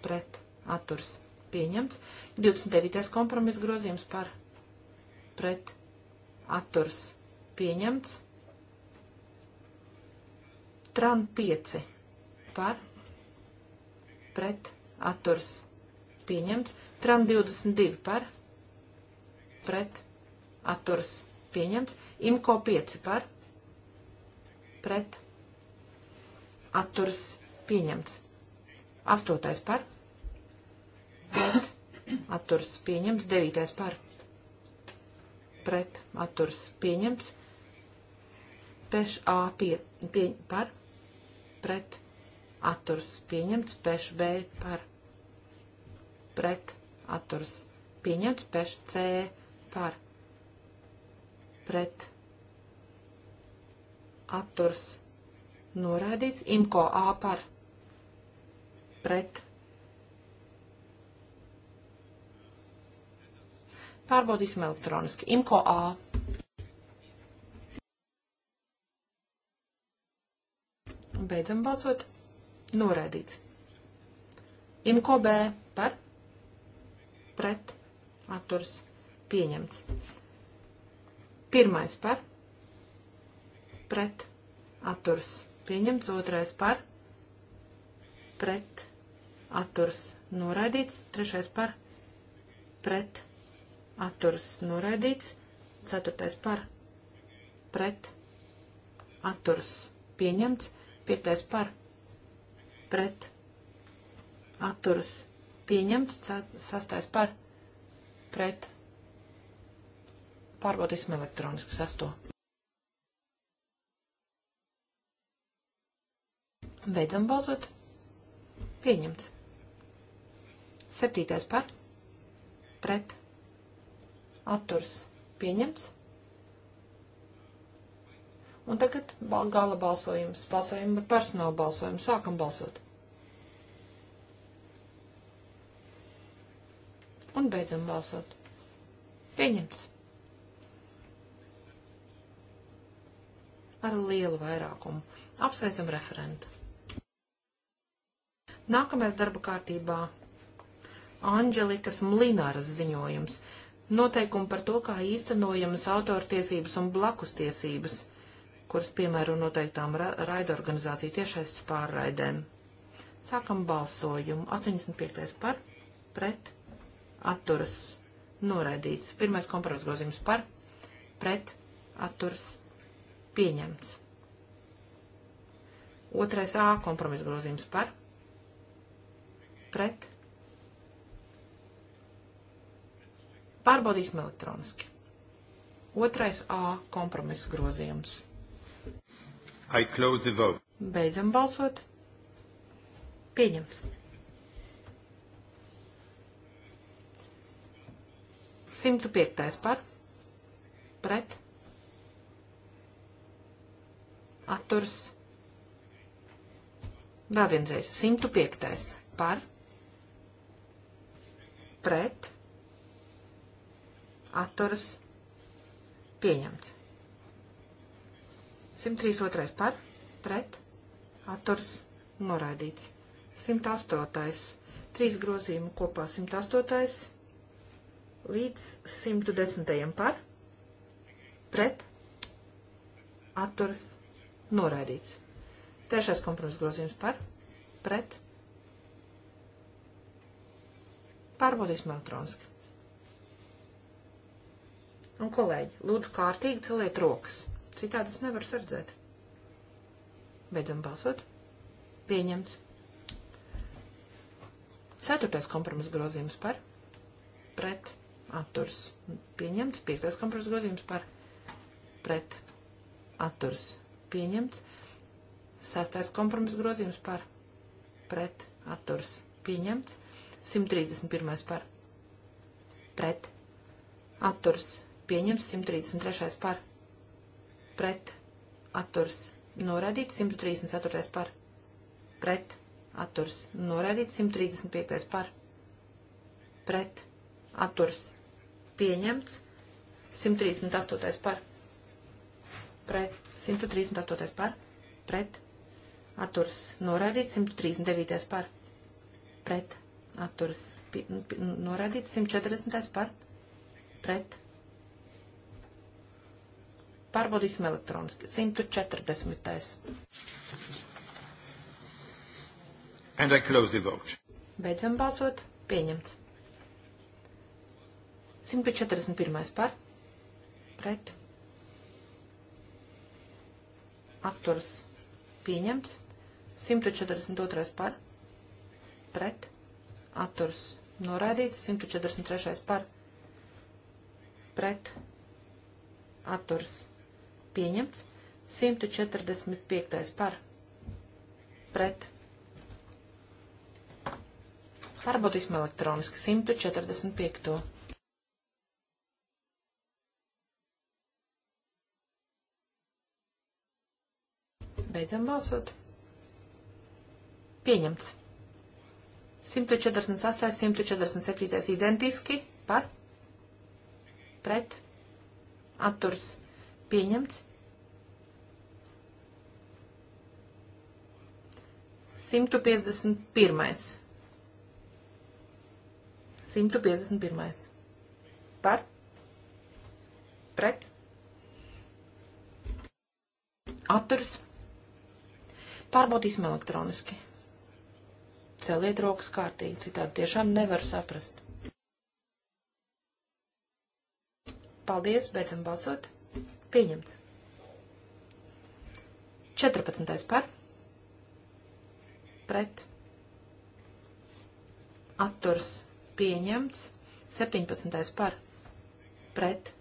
pret atturs pieņemts. 29. kompromiss grozījums par pret atturs pieņemts. Tran 5 par pret atturs pieņemts. Tran 22 par pret atturs pieņemts. Imko 5 par pret atturs pieņemts. Astotais par pret atturs pieņemts. Devītais par pret atturs pieņemts. Peš A pie, pie, par pret pret atturs pieņemts, peš B par pret atturs pieņemts, peš C par pret atturs noraidīts, imko A par pret. Pārbaudīsim elektroniski. Imko A. Beidzam balsot. Noraidīts. Imko B par pret atturs pieņemts. Pirmais par pret atturs pieņemts. Otrais par pret atturs noraidīts. Trešais par pret atturs noraidīts. Ceturtais par pret atturs pieņemts. Piektais par pret atturas pieņemts. Sastais par pret pārbaudīsim elektroniski sasto. Beidzam balsot. Pieņemts. Septītais par pret atturas pieņemts. Un tagad gala balsojums. Balsojam ar personālu balsojumu. Sākam balsot. Un beidzam balsot. Pieņemts. Ar lielu vairākumu. Apsveicam referentu. Nākamais darba kārtībā Anģelikas Mlināras ziņojums. Noteikumi par to, kā īstenojamas autortiesības un blakustiesības. tiesības kuras piemēro noteiktām ra raidorganizāciju tiešais pārraidēm. Sākam balsojumu. 85. par, pret, atturas, noraidīts. Pirmais kompromis grozījums par, pret, atturas, pieņemts. Otrais A kompromis grozījums par, pret, pārbaudīsim elektroniski. Otrais A kompromis grozījums. Beidzam balsot. Pieņems. 105. par pret atturs. Vēl vienreiz. 105. par pret atturs pieņemts. 132. par, pret, atturs, noraidīts. 108. Trīs grozījumi kopā 108. līdz 110. par, pret, atturs, noraidīts. Trešais kompromiss grozījums par, pret, pārbaudīsim elektroniski. Un kolēģi, lūdzu kārtīgi celiet rokas. Citādi es nevaru sardzēt. Beidzam balsot. Pieņemts. Ceturtais kompromiss grozījums par. Pret. Atturs. Pieņemts. Piektais kompromiss grozījums par. Pret. Atturs. Pieņemts. Sastais kompromiss grozījums par. Pret. Atturs. Pieņemts. 131. par. Pret. Atturs. Pieņemts. 133. par pret atturs noraidīts, 134. par pret atturs noraidīts, 135. par pret atturs pieņemts, 138. par pret 138. par pret atturs noraidīts, 139. par pret atturs nu, nu, noraidīts, 140. par pret atturs Pārbaudīsim elektroniski. 140. And I close the vote. Beidzam balsot. Pieņemts. 141. par. Pret. Atturas. Pieņemts. 142. par. Pret. Atturas. Noraidīts. 143. par. Pret. Atturas pieņemts. 145. par pret. Pārbaudīsim elektroniski 145. Beidzam balsot. Pieņemts. 148, 147 identiski par, pret, atturs, pieņemts. 151. 151. Par? Pret? Atturs? Pārbaudīsim elektroniski. Celiet rokas kārtīgi, citādi tiešām nevaru saprast. Paldies, beidzam balsot. Pieņemts. 14. par pret atturs pieņemts, 17. par pret.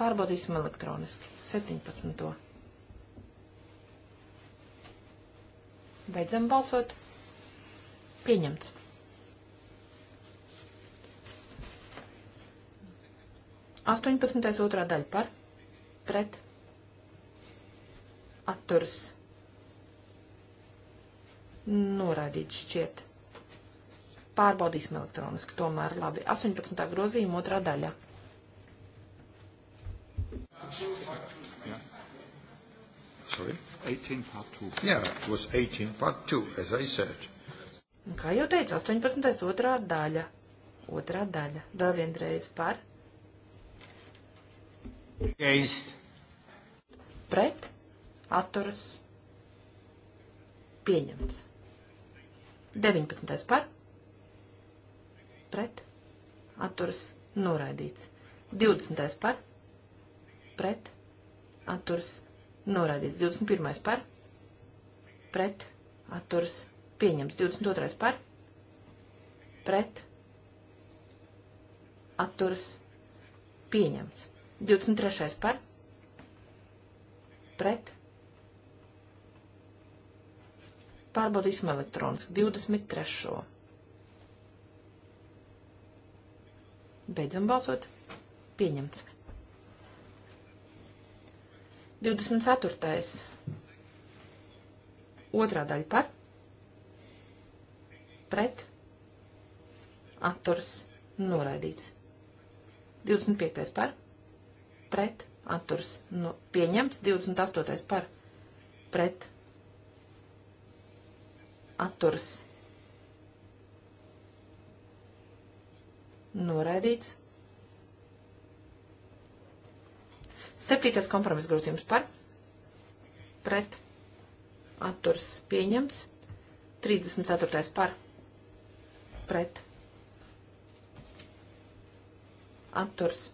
Pārbaudīsim elektroniski, 17. Beidzam balsot. Pieņemts. Astoņpadsmitais otrā daļa par, pret, atturas noraidīts šķiet. Pārbaudīsim elektroniski tomēr labi. 18. grozījuma otrā daļa. Yeah. Sorry? 18 part 2. Yeah, it was 18 part 2, as I said. Kā jau teicu, 18. otrā daļa. Otrā daļa. Vēl vienreiz par. Against. Pret atturas pieņemts. 19. par pret atturas noraidīts. 20. par pret atturas noraidīts. 21. par pret atturas pieņemts. 22. par pret atturas pieņemts. 23. par pret Pārbaudīsim elektroniski. 23. Beidzam balsot. Pieņemts. 24. Otrā daļa par. Pret. Atturs. Noraidīts. 25. par. Pret. Atturs. No, nu, pieņemts. 28. par. Pret atturas noraidīts. Septītais kompromiss grozījums par pret atturas pieņemts. 34. par pret atturas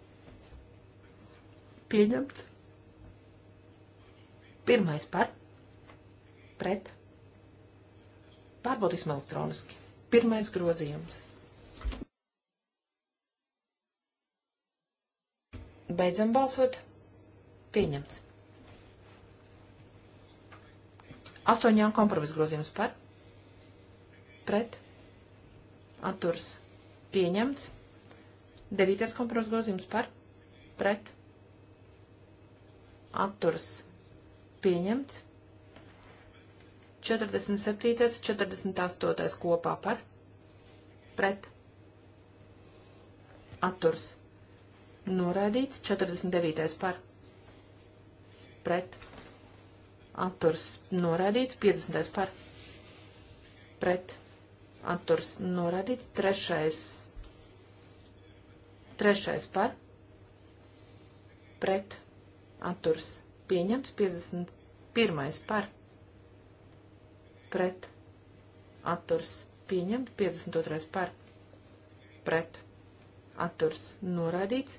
pieņemts. Pirmais par pret atturas Pārbaudīsim elektroniski. Pirmais grozījums. Beidzam balsot. Pieņemts. Astoņām kompromisu grozījums par. Pret. Atturs. Pieņemts. Devītais kompromisu grozījums par. Pret. Atturs. Pieņemts. 47. un 48. kopā par pret atturs noraidīts 49. par pret atturs noraidīts 50. par pret atturs noraidīts 3. 3. par pret atturs pieņemts 51. par pret pret, atturs, pieņemts. 52. par, pret, atturs, noraidīts.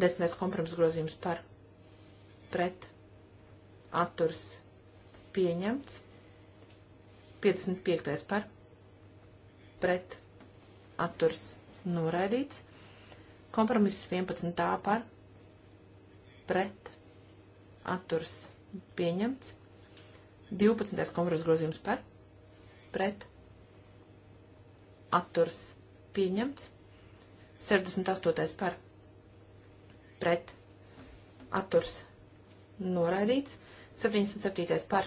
10. kompromiss grozījums par, pret, atturs, pieņemts. 55. par, pret, atturs, noraidīts. Kompromiss 11. par, pret, atturs, pieņemts. 12. kompromisa grozījums par, pret, atturs pieņemts. 68. par, pret, atturs noraidīts. 77. par,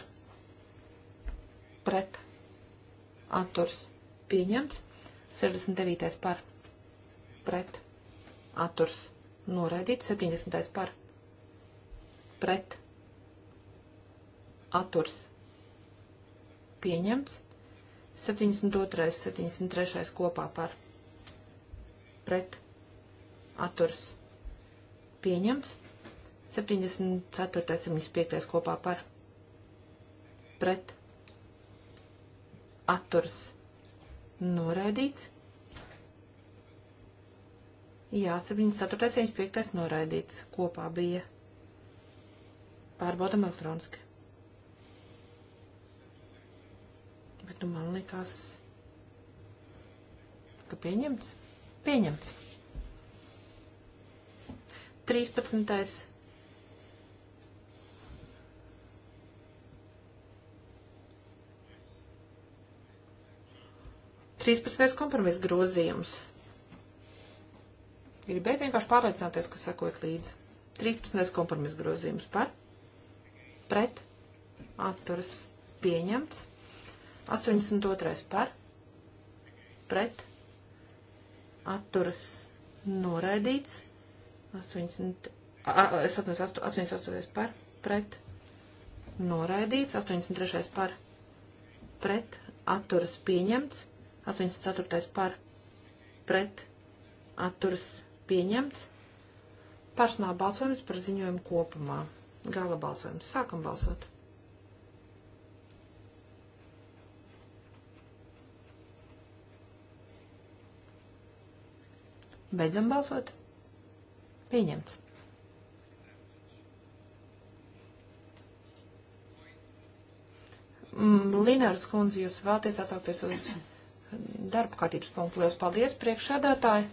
pret, atturs pieņemts. 69. par, pret, atturs noraidīts. 70. par, pret, atturs pieņemts atturs pieņemts. 72. 73. kopā par pret atturs pieņemts. 74. 75. kopā par pret atturs noraidīts. Jā, 74. 75. noraidīts kopā bija. Pārbaudam elektroniski. Likās, ka pieņemts. Pieņemts. 13. Trīspadsmitais kompromiss grozījums. Gribēju vienkārši pārliecināties, ka sakojat līdzi. 13. kompromiss grozījums par, pret, atturas, pieņemts. 82. par, pret, atturas noraidīts. 80, a, es atceros, 88. par, pret, noraidīts. 83. par, pret, atturas pieņemts. 84. par, pret, atturas pieņemts. Personāla balsojums par ziņojumu kopumā. Gala balsojums. Sākam balsot. Beidzam balsot. Pieņemts. Mm, Linārs kundze, jūs vēlties atsaukties uz darba kārtības punktu. Lielas paldies, priekšsēdētāji!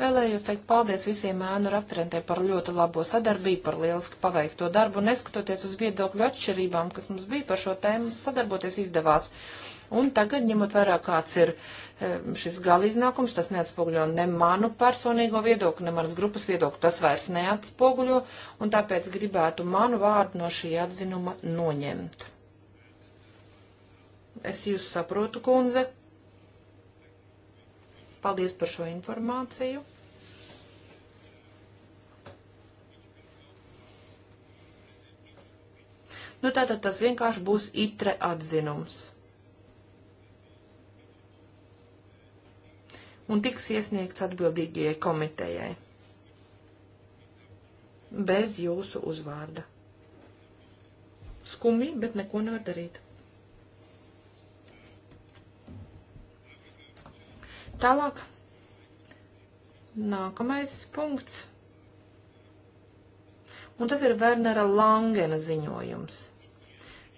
Vēlējos teikt paldies visiem ēnu referentiem par ļoti labo sadarbību, par lieliski paveikto darbu, neskatoties uz viedokļu atšķirībām, kas mums bija par šo tēmu, sadarboties izdevās. Un tagad, ņemot vērā, kāds ir eh, šis gala iznākums, tas neatspoguļo ne manu personīgo viedokli, ne manas grupas viedokli, tas vairs neatspoguļo, un tāpēc gribētu manu vārdu no šī atzinuma noņemt. Es jūs saprotu, kundze. Paldies par šo informāciju. Nu, tātad tas vienkārši būs itre atzinums. Un tiks iesniegts atbildīgajai komitejai. Bez jūsu uzvārda. Skumji, bet neko nevar darīt. Tālāk. Nākamais punkts. Un tas ir Wernera Langena ziņojums.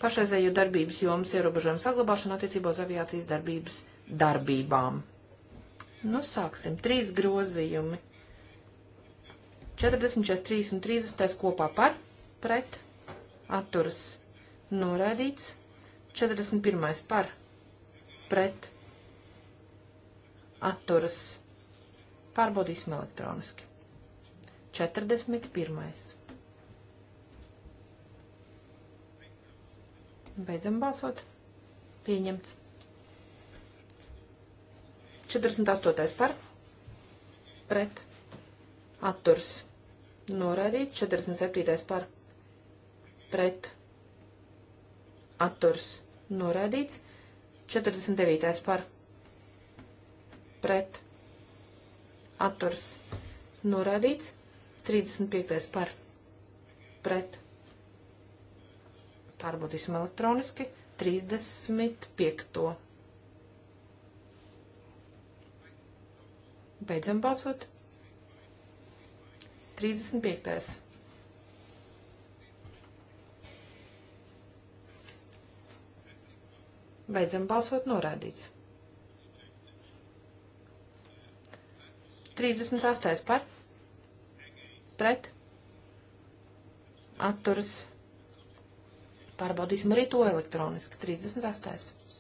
Pašreizējo darbības jomas ierobežojumu saglabāšanu attiecībā uz aviācijas darbības darbībām. Nu, sāksim. Trīs grozījumi. 46, 3 un 30 kopā par, pret, atturas, noraidīts. 41 par, pret, atturas. Pārbaudīsim elektroniski. 41. Beidzam balsot. Pieņemts. 48. par. Pret. Atturs. Noraidīt. 47. par. Pret. Atturs. Noraidīts. 49. par. Pret pret atturs norādīts, 35. par pret pārbaudīsim elektroniski, 35. Beidzam balsot. 35. Beidzam balsot norādīts. 38 par pret atturas. Pārbaudīsim arī to elektroniski. 38.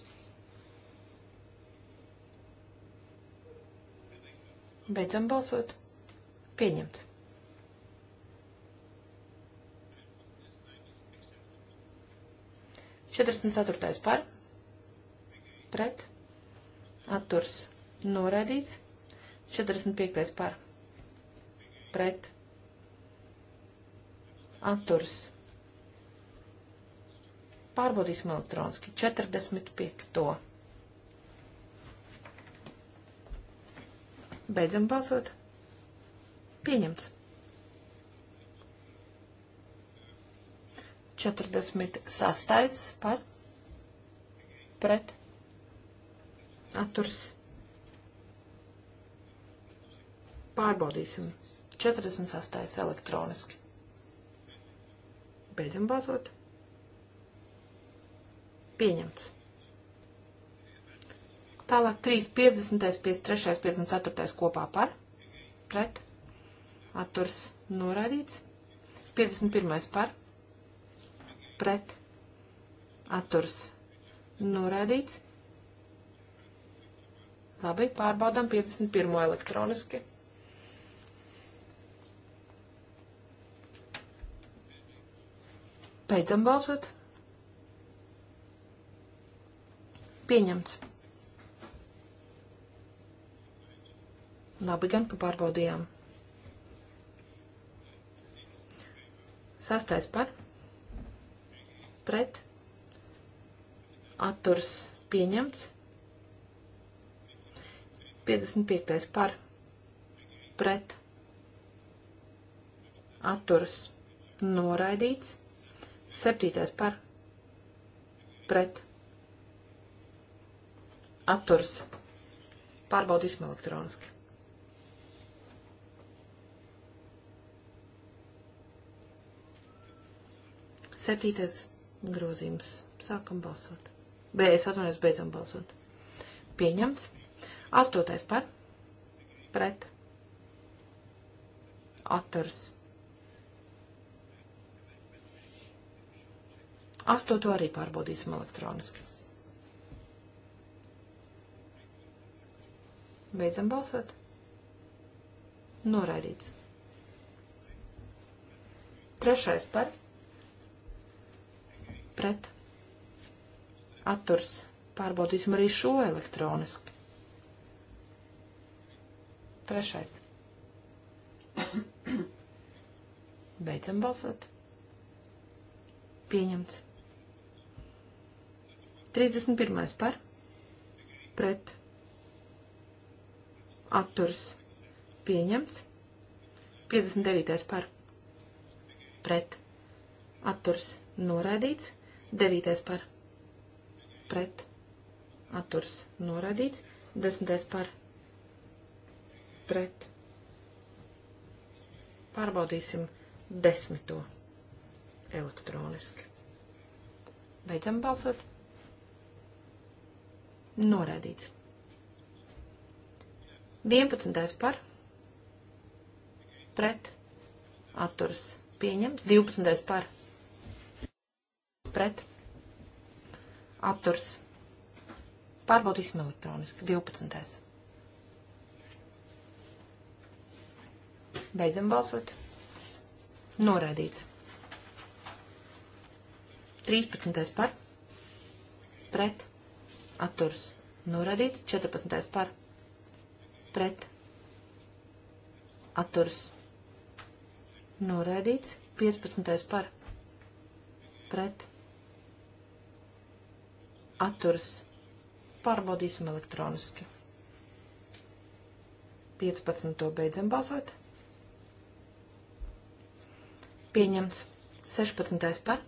Beidzam balsot. Pieņemts. Četrdesmit ceturtais par, pret, atturs, noraidīts. 45. par pret atturs. Pārbaudīsim elektroniski 45. To. Beidzam balsot. Pieņemts. 46. par pret atturs. Pārbaudīsim. 48. elektroniski. Beidzam balsot. Pieņemts. Tālāk 3, 50, 53, 54 kopā par, pret, atturs noraidīts, 51 par, pret, atturs noraidīts. Labi, pārbaudam 51 elektroniski. Beidzam balsot. Pieņemts. Labi gan, ka pārbaudījām. Sastais par. Pret. Atturs pieņemts. 55. par. Pret. Atturs noraidīts. Septītais par pret atturs. Pārbaudīsim elektroniski. Septītais grozījums. Sākam balsot. B, es atvainojos, beidzam balsot. Pieņemts. Astotais par pret atturs. Astoto arī pārbaudīsim elektroniski. Beidzam balsot. Noraidīts. Trešais par. Pret. Atturs. Pārbaudīsim arī šo elektroniski. Trešais. Beidzam balsot. Pieņemts. 31. par pret atturs pieņemts. 59. par pret atturs noraidīts. 9. par pret atturs noraidīts. 10. par pret. Pārbaudīsim desmito elektroniski. Beidzam balsot. Noraidīts. 11. par pret atturas pieņemts. 12. par pret atturas pārbaudīsim elektroniski. 12. Beidzam balsot. Noraidīts. 13. par pret atturs noradīts, 14. par pret atturs noraidīts, 15. par pret atturs pārbaudīsim elektroniski. 15. beidzam balsot. Pieņemts 16. par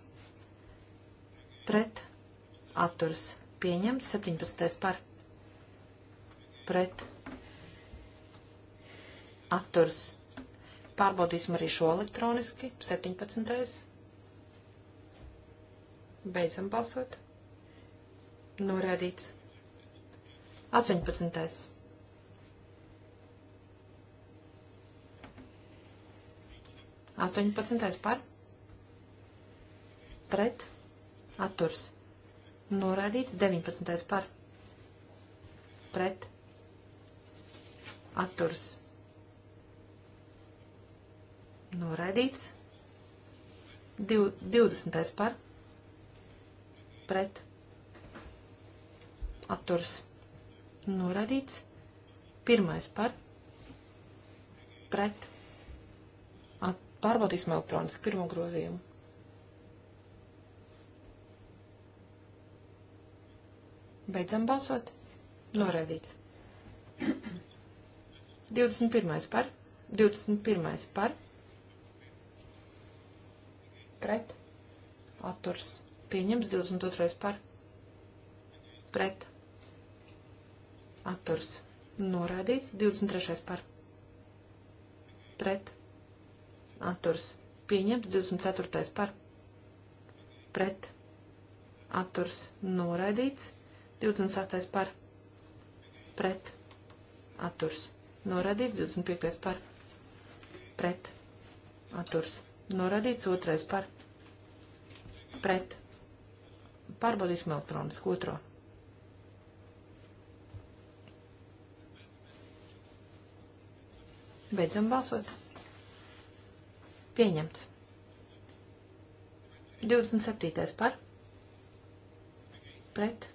pret atturs noraidīts pieņemts, 17. par pret atturs. Pārbaudīsim arī šo elektroniski, 17. Beidzam balsot. Norēdīts. 18. Astoņpadsmitais par pret atturs. Noraidīts 19. par pret atturs. Noraidīts 20. par pret atturs. Noraidīts 1. par pret. At, pārbaudīsim elektroniski pirmo grozījumu. Beidzam balsot. Noraidīts. 21. par. 21. par. Pret. Atturs. Pieņems. 22. par. Pret. Atturs. Noraidīts. 23. par. Pret. Atturs. Pieņems. 24. par. Pret. Atturs. Noraidīts. 26. par pret atturs norādīts, 25. par pret atturs norādīts, 2. par pret pārbaudīsim elektronisku otro. Beidzam balsot. Pieņemts. 27. par. Pret.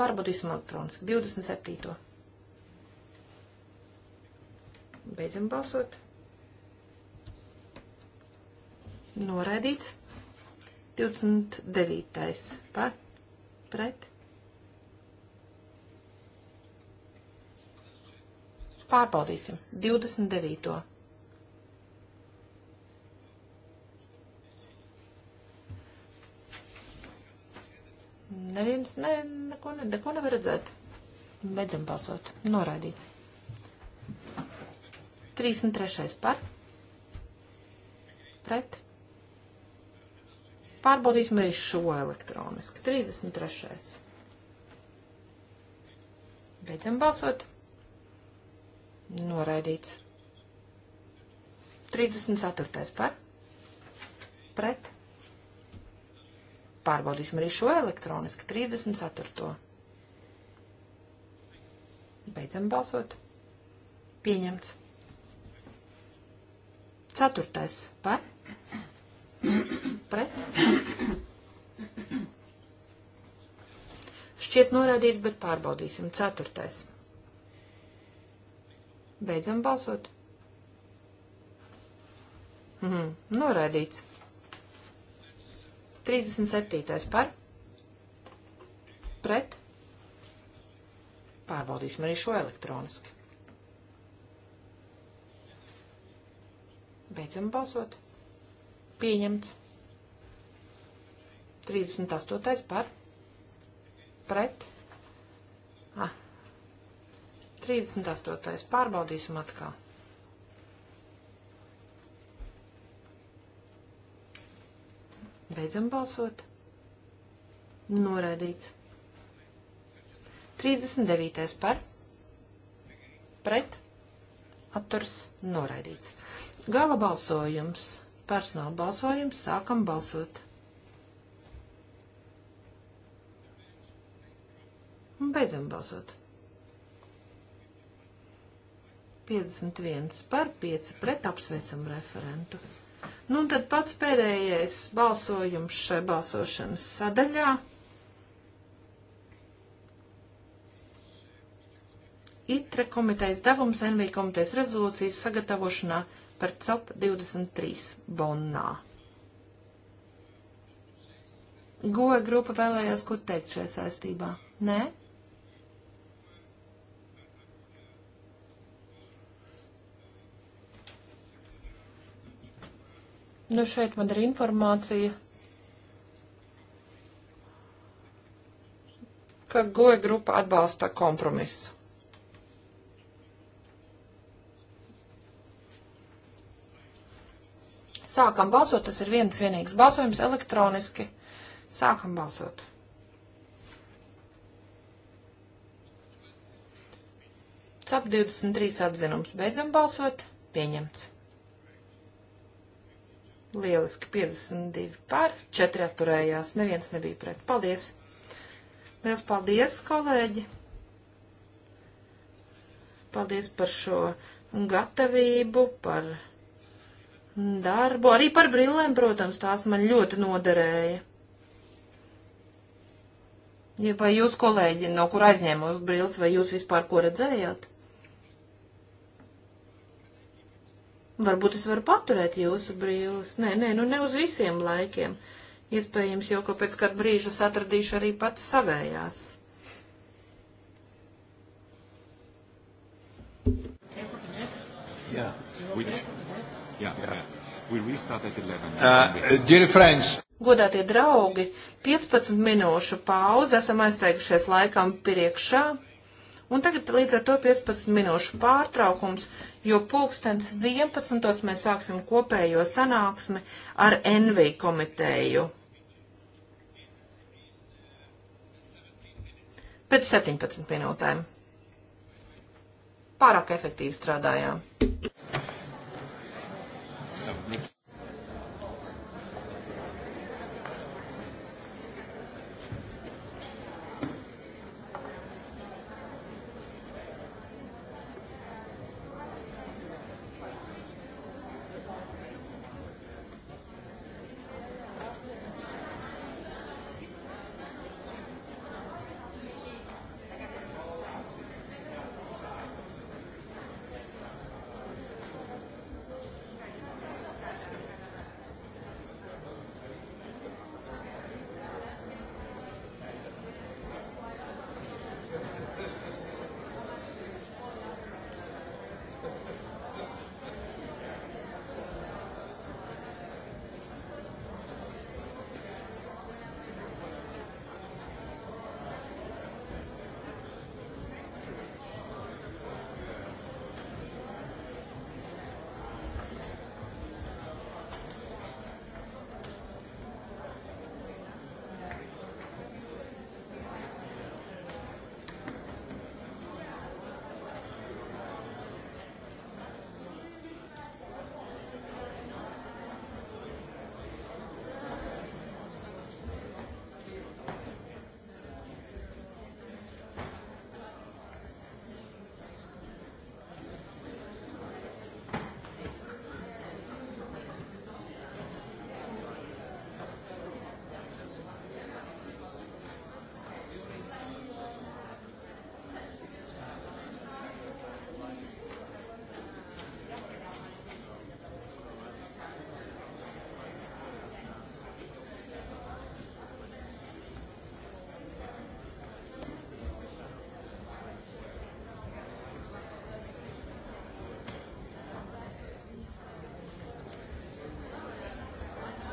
Pārbaudīsim elektroniski. 27. Beidzam balsot. Noraidīts. 29. par pret. Pārbaudīsim. 29. Neviens ne, neko, ne, neko nevar redzēt. Beidzam balsot. Noraidīts. 33. par. Pret. Pārbaudīsim arī šo elektroniski. 33. Beidzam balsot. Noraidīts. 34. par. Pret. Pārbaudīsim arī šo elektroniski 34. Beidzam balsot. Pieņemts. Ceturtais par. Pret. Šķiet norādīts, bet pārbaudīsim. Ceturtais. Beidzam balsot. Mhm, norādīts. 37. par pret. Pārbaudīsim arī šo elektroniski. Beidzam balsot. Pieņemts. 38. par pret. Ah. 38. pārbaudīsim atkal. Beidzam balsot. Noraidīts. 39. par. Pret. Atturs. Noraidīts. Gala balsojums. Personāla balsojums. Sākam balsot. Un beidzam balsot. 51 par 5 pret apsveicam referentu. Nu, un tad pats pēdējais balsojums šai balsošanas sadaļā. ITRE komitejas devums NV komitejas rezolūcijas sagatavošanā par COP 23 Bonnā. Goja grupa vēlējās ko teikt šajā saistībā? Nē? Nu, šeit man ir informācija, ka goja grupa atbalsta kompromisu. Sākam balsot, tas ir viens vienīgs balsojums elektroniski. Sākam balsot. Cap 23 atzinums. Beidzam balsot. Pieņemts. Lieliski, 52 par, 4 atturējās, neviens nebija pret. Paldies! Liels paldies, kolēģi! Paldies par šo gatavību, par darbu, arī par brillēm, protams, tās man ļoti noderēja. Ja vai jūs, kolēģi, no kur aizņēmos brilles, vai jūs vispār ko redzējāt? Varbūt es varu paturēt jūsu brīlis. Nē, nē, nu ne uz visiem laikiem. Iespējams, jau pēc kāda brīža es atradīšu arī pats savējās. Yeah. We, yeah, yeah. We restart at 11. Uh, dear friends, Godātie draugi, 15 minūšu pauze, esam aizteikušies laikam priekšā. Un tagad līdz ar to 15 minūšu pārtraukums, jo pulkstens 11. mēs sāksim kopējo sanāksmi ar NV komiteju. Pēc 17 minūtēm. Pārāk efektīvi strādājām.